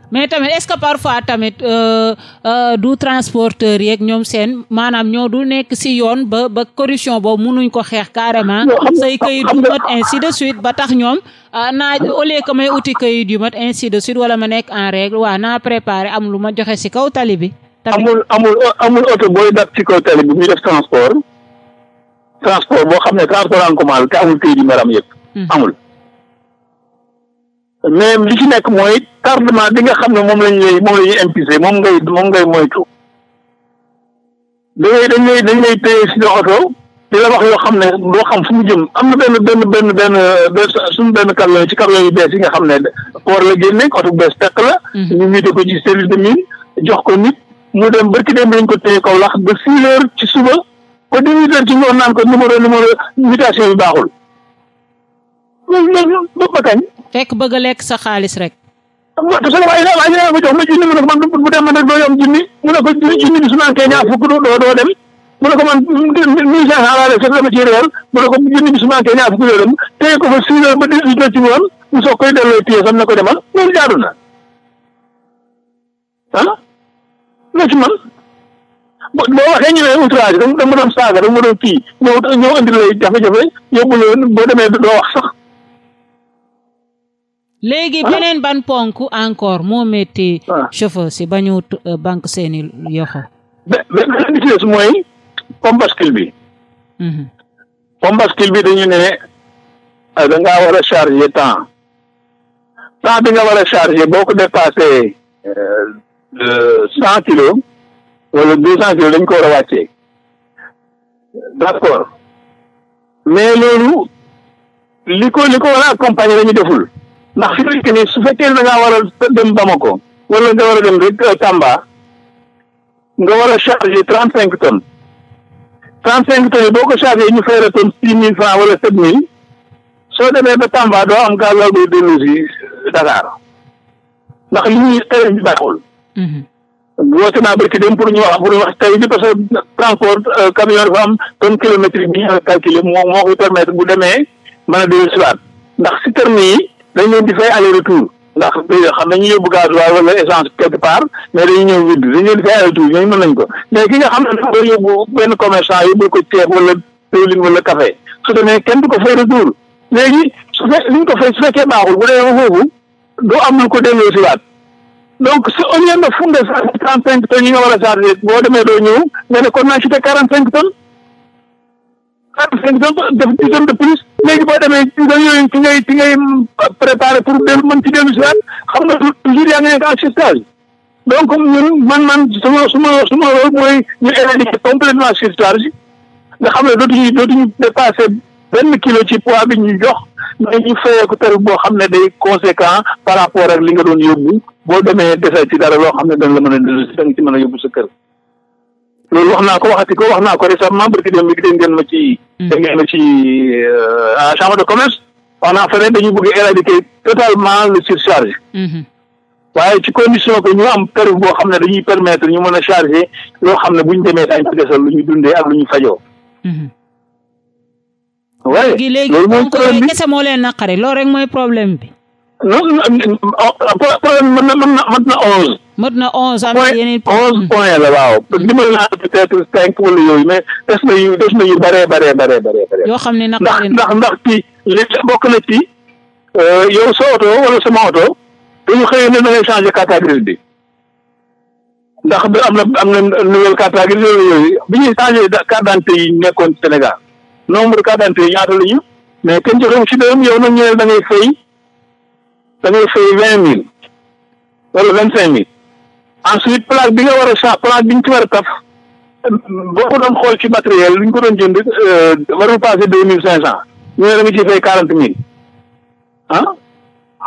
mais tamit est-ce que parfois tamit euh, euh, du transporteur yeeg ñoom seen maanaam ñoo du nekk ci yoon ba ba corruption boobu mënuñ ko xeex carrément say këyit du mat ainsi de suite ba tax ñoom ah, naa au lieu que may uti këyit yu mat ainsi de suite wala ma nekk en règle waa naa préparé am lu ma joxe ci kaw tali bi amul amul amul oto booy dat ci kaw tali bi muy def transport transport boo xam ne transport en commun te amul këyit yu Mm-hmm. amul mais li ci nekk mooy tardement bi nga xam ne moom lañ lay moom la ñuy imposé moom ngay moom ngay moytu da ngay dañ lay dañ lay téye si sa oto di wax yoo xam ne doo xam fu mu jëm am na benn benn benn benn benn suñu benn camion ci camion yu bees yi nga xam ne war la génne oto bees tekk la. Mm-hmm. ñu muté ko ci service de mine jox ko nit mu dem barki dem lañ ko téye kaw lax ba six ci suba ba dix huit heures ci ngoon naan ko numéro numéro mutation baaxul. loolu ba ba kañ. fekk bëgg a lekk sa xaalis rek. waaw te sama waa yi waa ñu naan ma jox ma junni mu ne ko man bu dem man nag doo yom junni mu ne ko junni bi su nankee ñaar fukk doo doo dem mu ne ko man mille cinq cent laa def fekk dama ci réer mu ne ko junni bi su nankee ñaar fukk doo dem téye ko fa six heures ba dix huit heures ci ngoon mu soog koy delloo téye sam na ko demal loolu jaadu na ah loo ci man boo waxee ñu ne outrage da nga doon saaga da nga doon fii ñëw ñëw indi lay jafe-jafe yóbbu la boo demee doo wax sax léegi ah. beneen ban ponk encore moo métti ah. chauffeur si ba ñu euh, banque seeni yoxo beneen bi ci des mooy pompe bascule bi mhm. pompe bascule bi dañu ne ah, da ngaa war a chargé temps temps bi nga war a chargé boo ko dépassé euh, cent kilos wala deux cent kilos dañ ko war a wàcce d'accord mais loolu li ko li ko war a accompagner dañu deful ndax fi mu ne su fekkee da ngaa war a dem Bamako wala nga war a dem rek Tamba nga war a chargé trente cinq tonnes trente cinq tonnes boo ko chargé ñu fay la tonne six wala sept mille soo demee ba Tamba doo am gàllankoor buy dellu si Dakar ndax li ñuy tey bi baaxul. woote naa bëri ci dem pour ñu wax pour ñu wax tey bi parce que transport camion dafa am tonne kilométrique bi ñu calculé moo moo koy permettre bu demee mën a si waat ndax si terme yi. dañ leen di fay aller retour ndax xam dañuy yóbbu gasoil wala essence quelque part mais dañuy ñëw vide dañ leen di fay aller retour ñooñu mën nañ ko mais ki nga xam ne dafa yóbbu benn commerçant yóbbu ko ceeb wala diwlin wala café su demee kenn du ko fay retour léegi su fekkee li ñu ko fay su fekkee baaxul bu dee foofu doo am lu ko delloo si waat donc su au lieu de funde chargé trente cinq tonnes yi nga war a chargé boo demee doo ñëw nga ne kon naa ci te quarante cinq tonnes de plus léegi boo demee yooyu ci ngay ci ngay préparé pour dellu man ci dellu si waat xam nga toujours yaa ngi nekk en surtage donc ñun man man suma suma suma rôle mooy ñu éradiquer complètement surtage nga xam ne dootuñu ñu dépassé benn kilo ci poids bi ñu jox mais ñu fayee ko tarif boo xam ne day conséquent par rapport ak li nga doon yóbbu boo demee desal ci dara loo xam ne da la mën a dellu si da ci mën a yóbbu sa kër loolu wax naa ko waxati ko wax naa ko récemment barki dem bi dégg ngeen ma ci. dégg ngeen ma ci à chambre de commerce. wax naa feneen dañu bëgg éradiquer totalement le surcharge. waaye ci condition que ñu am tarif boo xam ne dañuy permettre ñu mën a charger loo xam ne bu ñu demee daañu ko desal lu ñu dundee ak lu ñu fajoo. waaye loolu mooy problème bi kese moo leen loolu rek na mën na onze. mët na onze am na yeneen onze point la waaw dimbal naa peut être cinq wala yooyu mais des na yu des na yu bëree bëree bëree bëree yoo xam ne ndax ndax ndax ci li bokk na ci euh, yow so oto wala sama oto dañu xëyee ne da ngay changé carte grise bi ndax am na am na nouvelle carte grise yooyu bi ñuy changé carte d'identité yi nekkoon Sénégal nombre carte d'identité yi ñaata la mais kenn joxewu ci doom yow nag ñu ne da ngay fay da ngay fay vingt mille wala vingt cinq mille ensuite plaque bi nga war a sa plaque bi ci war a taf boo ko doon xool ci matériel li ñu ko doon jënd euh, warul passé deux mille cinq cent ñu ne dama ciy fay quarante mille ah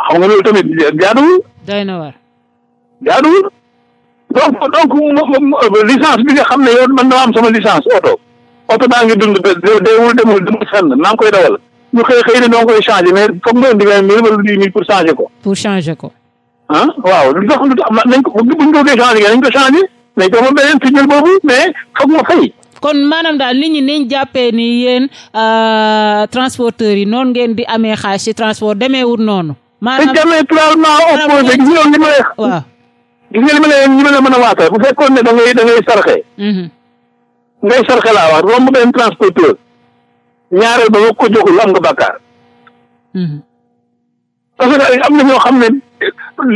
xam nga loolu tamit jaaduwul. doy na waar. jaaduwul donc donc licence bi nga xam ne yow man dama am sama licence oto oto baa ngi dund déewul demul demul fenn naa ngi koy dawal ñu xëy xëy ne koy changé mais foog nga indi nga mille wala dix mille pour changer ko. pour changer ko. ah waaw lu tax lu tax nañ ko buñ ko bëggee changé nañ ko changé nañ ko fa beneen signal boobu mais foog ma fay. kon maanaam daal nit ñi nañ jàppee ni yéen euh, transporteurs yi noonu ngeen di amee xaalis ci transport demeewul noonu. maanaam diamétralement opposé gis nga li ma lay. waaw gis nga li ma lay li ma la mën a waatal bu fekkoon ne da ngay da ngay sarxe. Mm-hmm. ngay sarxe laa wax romb benn transporteur ñaareel ba nga ko joxul am nga bàkkaar. Mm-hmm. parce que am na ñoo xam ne. au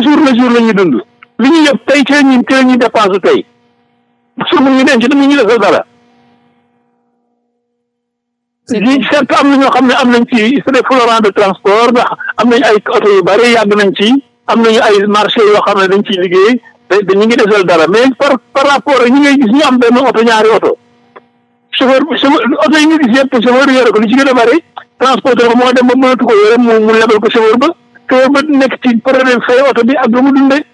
jour na jour la ñuy dund li ñu yëpp tey ci la ñuy ci la ñuy dépense tey su ñu denc dañu ñu defal dara. lii certes am na ñoo xam ne am nañ ci c'est des florants de transport ndax am nañ ay oto yu bëri yàgg nañ ci am nañu ay marché yoo xam ne dañ ciy liggéey te ñu ngi desal dara mais par par rapport ak ñi ngay gis ñu am benn oto ñaari oto chauffeur chauffeur oto yi nga gis yëpp chauffeur yore ko li ci ba moo dem ba ba. te yow nga nekk ci problème :fra fay oto bi ak lu mu dundee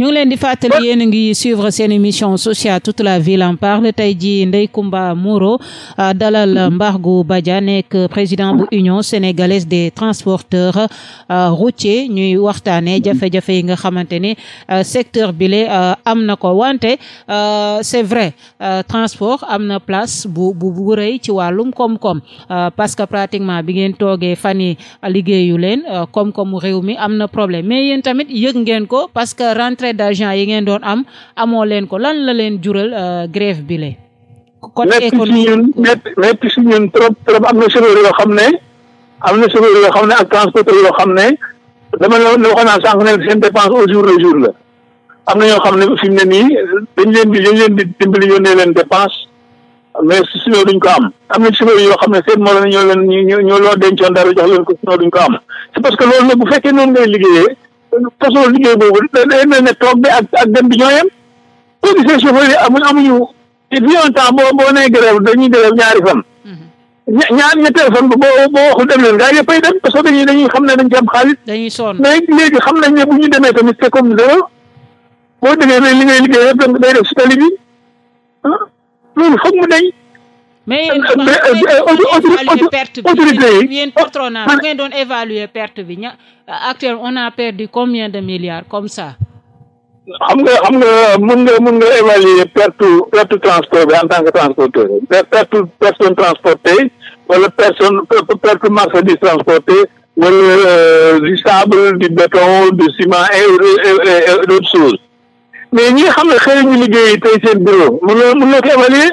ñu ngi leen di fàttali yéen a ngi suivre seen émission sociale toute la ville en parle tey jii Ndeye Comba Moreau euh, dalal Mbargou Badja nekk président bu union sénégalaise des transporteurs euh, routiers ñuy waxtaanee jafe-jafe yi nga xamante ni euh, secteur bi le am na ko wante c'est vrai transport am na place bu bu bu ci wàllum koom-koom parce que pratiquement bi ngeen toogee fan yi liggéeyu leen koom-koomu réew mi am na problème mais yéen tamit yëg ngeen ko parce que rentrée frais d'argent yi ngeen doon am amoo leen ko lan la leen jural euh, grève bi la côté économique métti si ñun trop trop am na chauffeur yoo xam ne am na chauffeur yoo xam ne ak transporteur yoo xam ne dama la waxoon naa sànq ne seen dépense au jour le jour la am na ñoo xam ne fi ne nii dañ leen di dañ leen di dimbali yónnee leen dépense mais sinon duñ ko am am na chauffeur yoo xam ne seen moroom ñoo leen ñoo loo dencoon dara jox leen ko sinon duñ ko am c'est parce que loolu nag bu fekkee noonu ngay liggéeyee façon liggéey boobu day mel ne toog bi ak ak dem bi ñoo yem boo gisee chauffeur yi amuñ amuñu fii un temps boo boo nee grève dañuy grève ñaari fan mhm. ña ñaar ñetteel fan boo boo waxul dem leen gars yëppay dem parce que dañuy dañuy xam ne dañ ci am xaalis. dañuy sonn mais léegi xam nañ ne bu ñu demee tamit c'est comme zéro boo déggee ne li ngay liggéey yëpp day def si tali bi ah loolu foog mu dañ. mais yéen euh, euh, euh, évaluer perte bi yéen patronat ah, bu ngeen doon évaluer ña actuellement on a perdu combien de milliards comme ça xam nga xam nga mun nga mun nga évaluer perte perte transport bi en tant que transporteur perte personne transportée wala personne perte marchandise transportée wala du sable du béton du ciment et d'autres choses mais ñi xam ne xëy ñu liggéey tey seen bureau na mun na ko évaluer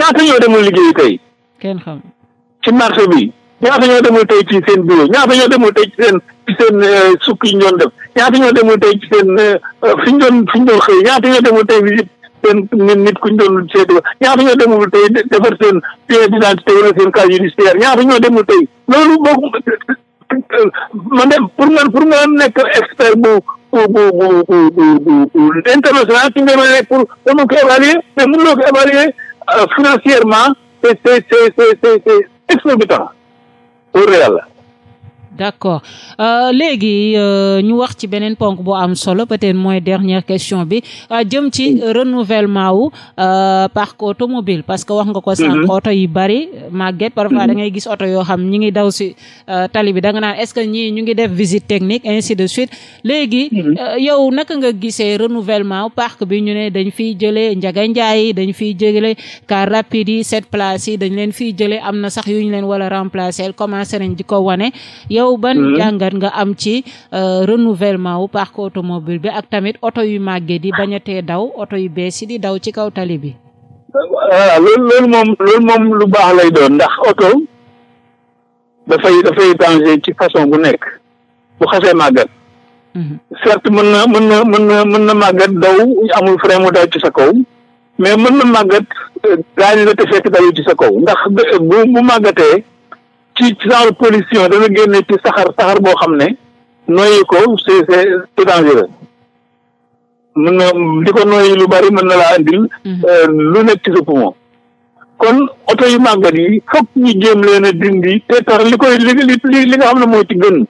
ñaata ñoo demul liggéey tey. kenn xam ci marché bi ñaata ñoo demul tey ci seen bureau ñaata ñoo demul tey ci seen ci seen sukk yi ñu doon def ñaata ñoo demul tey ci seen fi ñu doon fi ñu doon xëy ñaata ñoo demul tey visite seen nit ku ñu doon seeti ñaata ñoo demul tey defar seen pièce d'identité wala seen casier judiciaire ñaata ñoo demul tey loolu boog man de pour man pour ma nekk expert bu bu bu bu bu international ci nga ma nekk pour pour mun ko évaluer mais mënuloo ko évaluer Euh, financièrement c'est c'est c'est c'est exorbitant wóor na yàlla d' accord euh, léegi euh, ñu wax ci beneen ponk bo am solo peut-être mooy dernière question bi waa euh, jëm ci renouvellement wu parc automobile parce que wax nga ko sànq mhm. oto yu bari màgget parfois mhm. da ngay gis oto yoo xam ñi ngi daw si tali bi da nga naan est-ce que ñii ñu ngi def visite technique ainsi de suite léegi mhm. yow naka nga gisee renouvellement wu parc bi ñu ne dañ fiy jëlee njaga njaay yi dañ fiy jëlee car rapide yi sept places yi dañ leen fiy jëlee am na sax yu ñu leen wala remplacer commencé nañ di ko wane yow ban hmm. jàngat nga am ci euh, renouvellement wu parc automobile bi ak tamit oto yu màggee di bañ te daw oto yu bees yi di daw ci kaw tali bi waaw loolu loolu moom moom lu baax lay doon ndax oto dafay dafay danger ci façon bu nekk bu xasee màggat mhm. certes mën na mën na mën na mën na màggat daw amul frein mu daw ci sa kaw mais mën na màggat euh, gaañ la te fekk daw ci sa kaw ndax bu màggatee ci ci genre pollution dana génne ci saxar saxar boo xam ne noyyi ko c'est c'est dangereux mën na di ko noyyi lu bari mën na laa andil mhm. euh, lu nekk ci sa poumon kon oto yu màggat yi fokk ñu jéem leen a dindi te tax li koy li li li nga xam ne mooy ci gën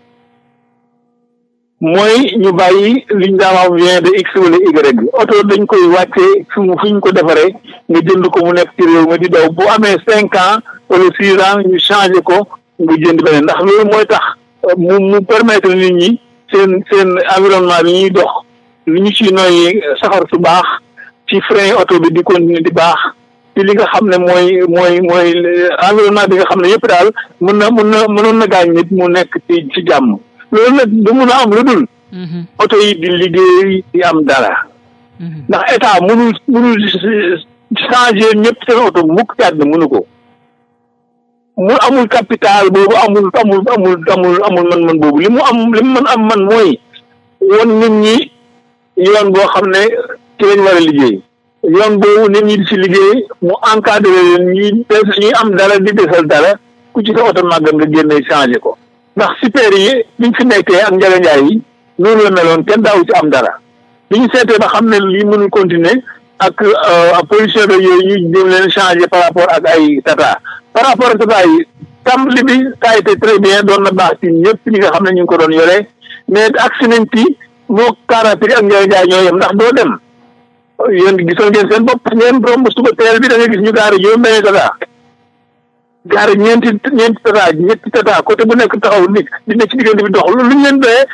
mooy ñu bàyyi liñ daan am vient de x wala y oto dañ koy wàccee fu mu fu ñu ko defaree nga jënd ko mu nekk ci réew mi di daw bu amee cinq ans wala six ans ñu changé ko nga jënd ndax loolu mooy tax euh, mu mu permettre nit ñi seen seen environnement bi ñuy dox li ñu ci noyyi euh, safar su baax ci frein oto bi di continuer di baax ci li nga xam ne mooy mooy mooy environnement bi nga xam ne yëpp daal mën na mën na mënoon na gaañ nit mu nekk ci ci jàmm loolu nag du mun a am lu dul mm-hmm. oto yi di liggéey di am dara mm-hmm. ndax état mënul mënul changer ñëpp seen oto mukk ci àddina mënu ko mu amul capital boobu amul amul amul amul amul man-man boobu li mu am li mu mën am man mooy yoon nit ñi yoon boo xam ne ci lañ war a liggéey yoon boobu nit ñi di si liggéey mu encadré leen ñuy am dara di desal dara ku ci sa oto màggat nga génne changé ko ndax super yi biñ fi nekkee ak njaganjaay yi loolu la meloon kenn daawu ci am dara bi ñu seetee ba xam ne li mënul continuer ak euh, pollution be yooyu ñu jëm leen changé par rapport ak ay tata par rapport ak saa yi tàmbali bi ça a été bien doon na baax ci ñëpp ñi nga xam ne ñu ngi ko doon yore mais ak semaine ci moo caractère ak Ndiaye Ndiaye ñoo yem ndax doo dem yéen gisoon ngeen seen bopp ngeen romb suba teel bi da nga gis ñu gaari juróom benn tata gaari ñeenti ñeenti tata ñetti tata côté bu nekk taxaw nit di nekk ci diggante bi dox lu ñu leen doyee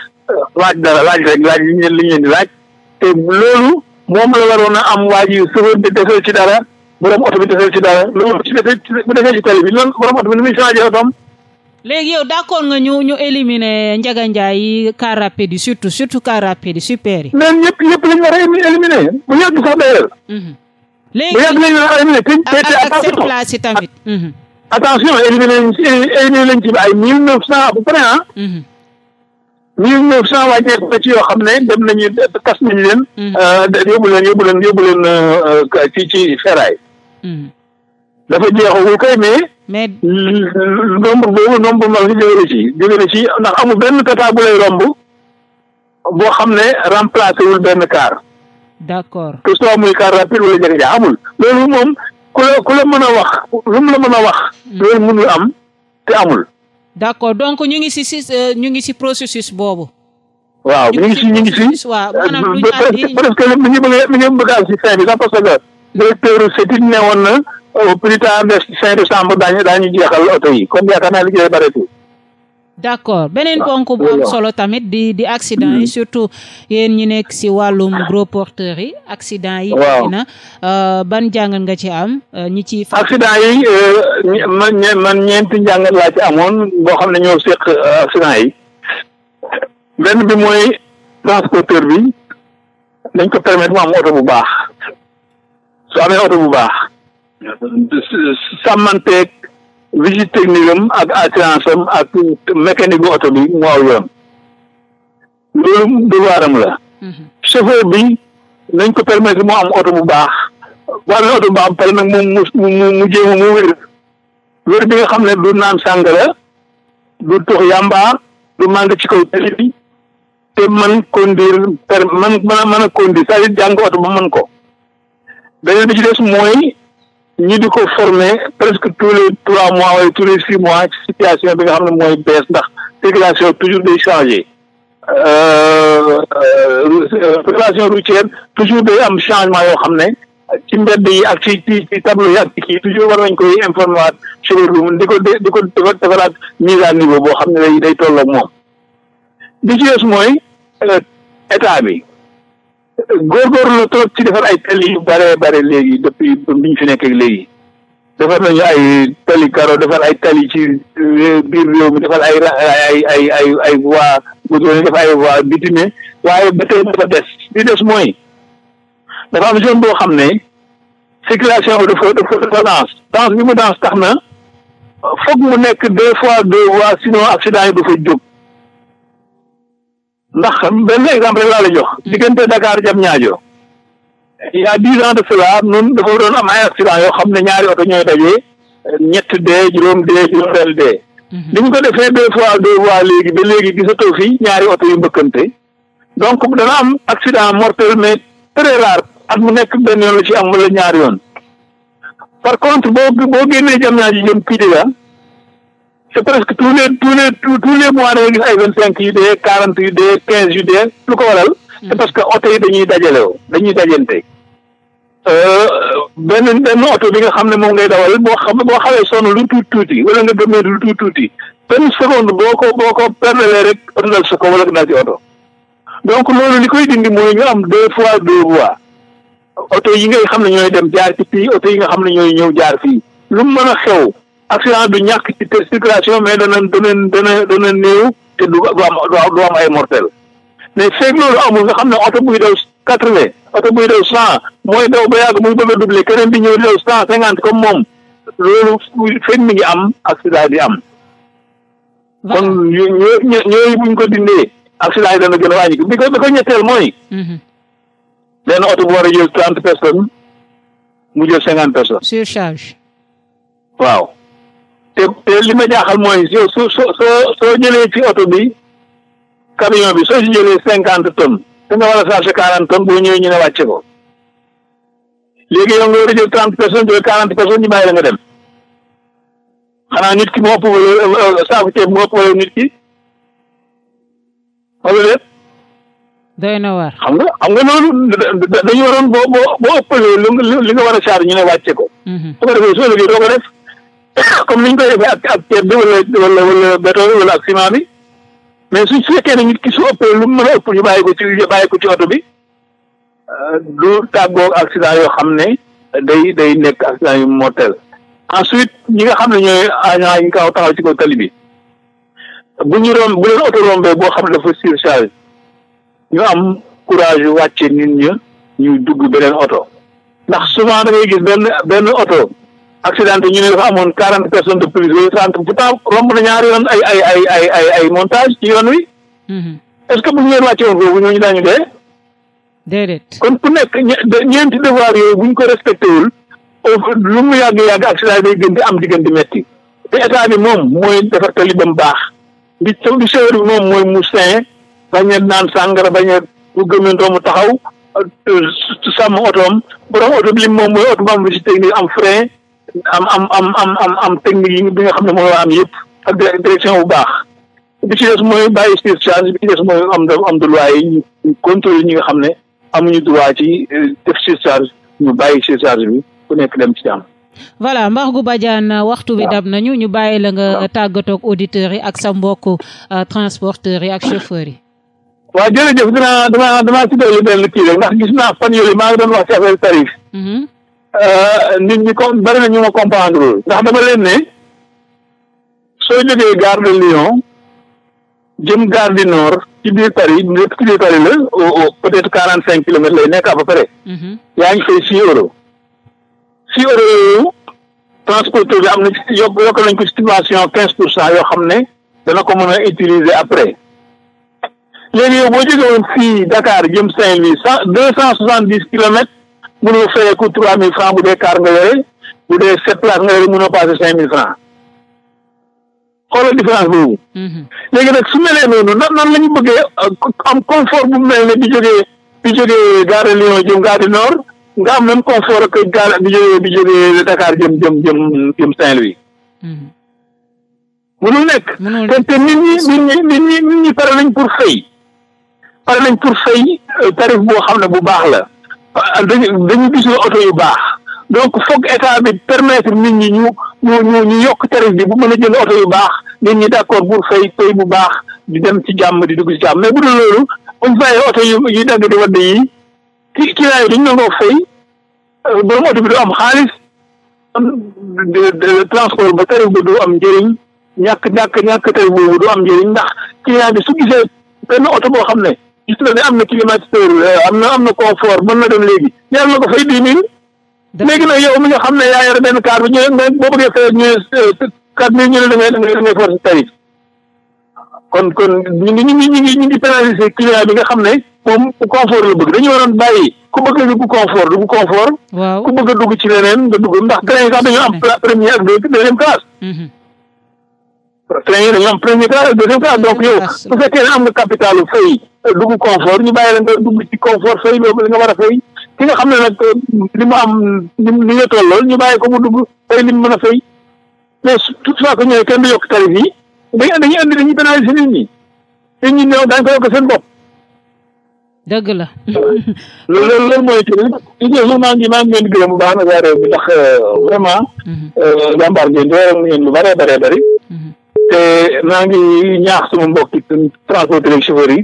laaj dara laaj rek laaj li ñu leen li ñu di laaj te loolu moom la waroon a am waa ji sëfër de desoo ci dara borom oto bi defee ci dara loolu ci bu defee ci tali bi loolu borom oto bi nu muy changé otoom léegi yow d'accord nga ñu ñu éliminer Ndiaga Ndiaye yi car rapide yi surtout surtout car rapide yi super yi mais ñëpp ñëpp lañu mhm. war a éliminer bu yàgg sax d'ailleurs léegi bu yàgg lañu war a éliminer ak seen place yi tamit mhm. attention éliminer lañ ci éliminer lañ ci bi ay mille neuf cent à peu près ah mhm. mille neuf cent wàññeeku na ci yoo xam ne dem nañu tas nañu leen euh, yóbbu leen yóbbu leen yóbbu leen euh, ci ci ferraille Hmm. dafa jeexagul kay mais. mais nombre boobu nombre mag bi jóge na ci jóge ci ndax amul benn tata romb boo xam ne remplacé wul benn car. d'accord que soit muy car rapide wala jafe amul loolu moom ku la ku la mën a wax lu mu la mën a wax. Hmm. loolu mënul am te amul. d'accord donc ñu ngi si si euh, ñu ngi ci processus boobu. waaw ñu ngi ci ñu ngi ci. waaw maanaam presque mi ngi ngi bëgg am ci fin bi sax parce que. directeur CETUD ne woon na euh, au plus tard le cinq décembre daañu daañu jeexal oto yi kon yaakaar naa liggéey bareetul. d'accord beneen ponk bu am solo tamit di di accident yi mm-hmm. surtout yéen ñi nekk si wàllum gros porteurs yi accident yi waaw na euh, ban jàngat nga ci am euh, ñi ci accident yi man man ñeenti njàngat laa ci amoon boo xam ne ñoo seq accident yi benn bi mooy transporteur bi dañ ko permettre mu am oto bu baax su amee oto bu baax sàmmanteeg visite technique ak assurance ak mécanique bu oto bi mu aw yoon loolu devoiram la mhm. chauffeur bi nañ ko permettre mu am oto bu baax bu amee oto bu baax pare nag moom mu mu mu jéem mu wér bi nga xam ne du naan sàngara du tux yàmba du mànd ci kaw tali bi te man conduire per man mën a mën a conduire c'est-à-dire oto ba mën ko beneen bi ci des mooy ñi di ko former presque tous les trois mois wala tous les six mois ci situation bi nga xam ne mooy bees ndax circulation toujours day changé circulation euh, euh, routière toujours day am changement yoo xam ne ci mbedd yi ak ci ci ci tableau yi ak ci kii toujours war nañ koy informer chauffeur bi mun di ko di ko di ko defaraat mise à niveau boo xam ne day day tolloog moom bi ci des mooy euh, état bi góorgóorlu la trop ci defar ay tali yu bare bare léegi depuis bi ñu fi nekk léegi defar nañu ay tali karo defar ay tali ci euh, biir réew mi defar ay ay ay ay ay voies goudronnées def ay voies bitumées waaye ba tey dafa des li des mooy dafa am zone boo xam ne circulation bi dafa dafa dafa dense dense bi mu dense tax na foog mu nekk deux fois deux si sinon accident yi dafa jóg ndax benn exemple rek laa la jox diggante Dakar jam ñaajo il y a dix ans de cela nun dafa doon am ay accident yoo xam ne ñaari oto ñooy dajee ñett dee juróom dee juróom benn dee li mhm. ñu ko defee deux fois deux fois léegi ba léegi gisatoo fi ñaari oto yu mbëkkante donc dana am accident mortel mais très rare at mu nekk benn yoon la ci am wala ñaari yoon par contre boo boo génnee jam ñaajo jëm Kidira c'est presque tous les tous les tous les mois da ngay gis ay vingt cinq yu dee quarante yu dee quinze yu dee lu ko waral c'est hmm. parce que oto yi dañuy dajalewoo dañuy dajante euh, benn benn oto bi nga xam ne moom ngay dawal boo xam boo xawee sonn lu tuuti tuuti wala nga demee lu tuuti tuuti benn seconde boo ko boo ko perdalee rek oto dal sa ko wala a ci oto donc loolu li koy dindi mooy ñu am deux fois deux voies oto yi ngay xam ne ñooy dem jaar ci fii oto yi nga xam ne ñooy ñëw jaar fii lu mën a xew accident du ñàkk ci circulation mais dana dana dana dana néew te du du am du am ay mortel mais feeg loolu amul nga xam ne oto buy daw quatre vingt oto buy daw cent mooy daw ba yàgg muy bëgg a doublé keneen bi ñëw di daw cent cinquante comme moom loolu feeg mi ngi am accident di am. kon ñoo ñooyu buñ ko dindee accident dana gën a wàññi bi ko bi ko ñetteel mooy. Mhm. benn oto bu war a jël trente personnes mu jël cinquante personnes. surcharge waaw. te li ma jaaxal mooy soo soo soo jëlee ci oto bi camion bi soo ci jëlee cinquante tonnes te nga war a chargé quarante tonnes boo ñëwee ñu ne wàcce ko léegi yow nga war a jël trente personnes jël quarante personnes ñu bàyyi la dem xanaa nit ki moo ëpp valeur saaku ceeb moo ëpp nit ki wala déet doy na waar xam nga xam nga loolu dañu waroon boo boo boo war a chargé ñu ne wàcce ko mhm. su ko defee soo liggéey doo ko def comme ni ñu koy defee ak ak ceeb bi wala wala béton wala ak ciment bi mais su fekkee ne nit ki su ëppee lu mu mën a ëpp ñu bàyyi ko ci ñu bàyyi ko ci oto bi euh, du tàggoo accident yoo xam ne day day nekk accident yu mortel ensuite ñi nga xam ne ñooy agent yi kaw taxaw ci kaw tali bi bu ñu romb bu leen oto rombee boo xam ne dafa surcharge ñu am courage yu wàcce nit ñi ñu dugg beneen oto ndax souvent da ngay gis benn benn oto. accidenté ñu ne dafa amoon quarante personnes de plus wala trente pourtant romb na ñaari yoon ay ay ay ay ay ay montage ci yoon wi. Mm-hmm. est-ce que bu ñu wàcce woon foofu ñooñu daañu dee. déedéet kon ku nekk ñeenti devoir yooyu bu ñu ko respecté wul lu mu yàgg yàgg accident day gën di am di gën di metti te état bi moom mooy defar tali ba mu baax di di chauffeur bi moom mooy mu sañ bañ a naan sàngara bañ a bu gëmmentoo mu taxaw euh, sàmm otoom borom oto bi lim moom mooy oto am am am yi bi nga xam ne moom la am yëpp ak direction bu baax bi ci des mooy bàyyi si charge bi ci des mooy am am droit yi ñu contrôle ñi nga xam ne amuñu droit ci euh, def si charge ñu bàyyi si charge bi ku nekk dem ci am. voilà Mbargou Badiane euh, waxtu bi dab nañu ñu bàyyi la nga tàggatoog auditeurs yi ak sa mbokk euh, transporteurs yi ak ah. chauffeurs yi. waaw jërëjëf dinaa dinaa dinaa si dolli benn kii rek ndax gis naa fan yooyu maa ngi doon ci affaire tarif. Mhm. Euh, nit ñi comme bari na ñu ma comprendre ndax dama leen ne soo jógee gare de Lyon jëm gare du ci biir Paris lépp ci biir Paris la peut-être quarante cinq kilomètres lay nekk à peu mm-hmm. yaa ngi fay six euros six euros yooyu bi am na yokk yokk nañ ko subvention quinze pour cent yoo xam ne dana ko mën a utiliser après. léegi yow boo jógee woon fii Dakar jëm Saint-Louis cent deux cent soixante dix kilomètres. mënoo fayeeku trois mille francs bu dee kaar nga yore bu dee sept place nga yore mënoo passé cinq mille francs xoolal différence boobu mhm. léegi nag su melee noonu nan nan la ñu bëggee euh, am confort bu mel ne bi jógee bi jógee gare Lyon jëm gare du Nord nga am même confort que gare bi jógee bi jógee Dakar jëm jëm jëm jëm Saint-Louis mënul mhm. nekk te te nit ñi nit ñi nit ñi nit ñi pare nañ pour fay pare nañ pour fay euh, tarif boo xam ne bu baax la dañu dañu gisul oto yu baax donc foog état permettre nit ñi ñu ñu yokk tarif bi bu mën a jël oto yu baax nit ñi d'accord pour fay fay bu baax di dem ci jàmm di dugg ci jàmm bu dul loolu buñ fayee oto yu yu dagg di wadd yi ci ci laay duñ nangoo du am xaalis de transport ba tarif ba du am njëriñ ñàkk ñàkk ñàkk tarif boobu du am njëriñ ndax client bi su gisee benn oto boo xam ne gis na ne am na climatiseur eh, am na am na confort mën na dem léegi ñaar na ko fay dix mille léegi nag yow mi nga xam ne yaa yor benn kaar bi ñu nga boo eh, da ngay da ngay da ngay force tarif kon kon ñu ngi ñu ngi ñu ngi ñu ngi pénaliser bi nga xam ne moom ku confort la bëgg dañu waroon bàyyi ku bëgg a dugg confort dugg confort ku bëgg a dugg ci leneen nga dugg ndax train sax dañu am premier ak deuxième classe mm-hmm. premier nga am yow bu fekkee ne am nga capitalu fay euh, dugg confort ñu bàyyi la nga dugg ci confort fay loolu nga war a fay ki nga xam ne nag euh, li mu am li nga toll loolu ñu bàyyi ko mu dugg fay li mu mën a fay mais toutefois que ñooy kenn du yokk tarif yi dañuy dañuy andi dañuy pénaliser nit ñi te ñi ñëw daañu ko yokk seen bopp. dëgg la. loolu loolu mooy kii bi li maa ngi maa ngi di gërëm bu baax nag waa réew mi ndax euh, vraiment. Mm-hmm. jàmbaar ngeen doon ngeen lu bëree bëree bëri. te naa ngi ñaax sama mbokk yi transporteurs chauffeurs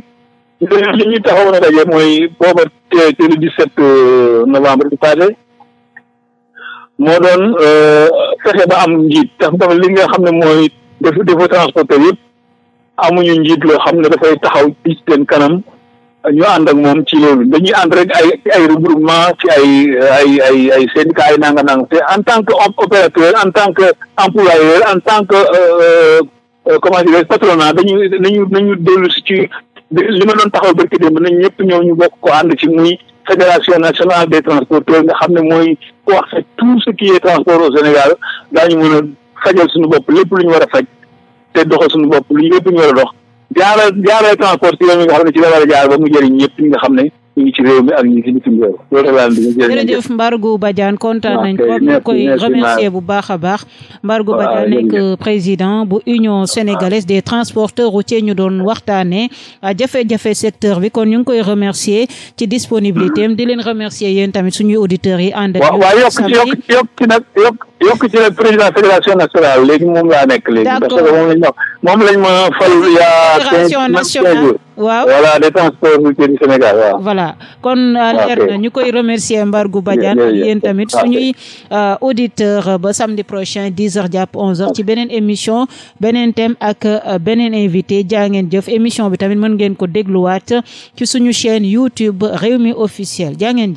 yi li ñuy taxaw na daje mooy booba te te le 17 euh, novembre bi passé moo doon euh, fexe ba am njiit tax tamit li nga xam ne mooy def defa transporteur yëpp amuñu njiit loo xam ne dafay taxaw ci seen kanam ñu ànd ak moom ci loolu dañuy ànd rek ay ay regroupement ci ay ay ay ay syndicat ay nanga nang te en tant que opérateur en tant que employeur en tant que euh, euh, comment dirais patronat dañu nañu nañu dellu si ci li ma doon taxaw barki démb nañ ñëpp ñëw ñu bokk ko ànd ci muy fédération nationale des transporteurs nga xam ne mooy ko wax tout ce qui est transport au Sénégal daañu mën a fajal suñu bopp lépp lu ñu war a faj te doxal suñu bopp lu ñu lépp ñu war dox jaara jaaree transport ci yoon nga xam ne ci la a jaar ba mu jëriñ ñëpp ñi nga xam ne ñu ngi ci réew mi ak ñi ci réew loolu rek laa leen koy remercier bu baax a baax Mbargou Badiane nekk euh, président bu union sénégalaise des transporteurs routiers ñu doon waxtaanee jafe-jafe secteur bi kon ñu ngi koy remercier ci disponibilité am di leen remercier yéen tamit suñuy auditeurs yi ànd waaw waaw yokk yokk ci la président fédération nationale léegi moom laa nekk léegi. parce que moom lañ ma moom lañ yaa. fédération nationale waaw voilà des transports routiers du Sénégal waaw. voilà kon uh, ah, leer na ñu koy remercier Mbargou Badiane ak yéen tamit ah, suñuy uh, auditeur ba samedi prochain dix heures jàpp onze heures ci beneen émission beneen thème ak uh, beneen invité jaa ngeen jëf émission bi tamit mën ngeen ko dégluwaat ci suñu chaîne YouTube Rewmi officiel jaa ngeen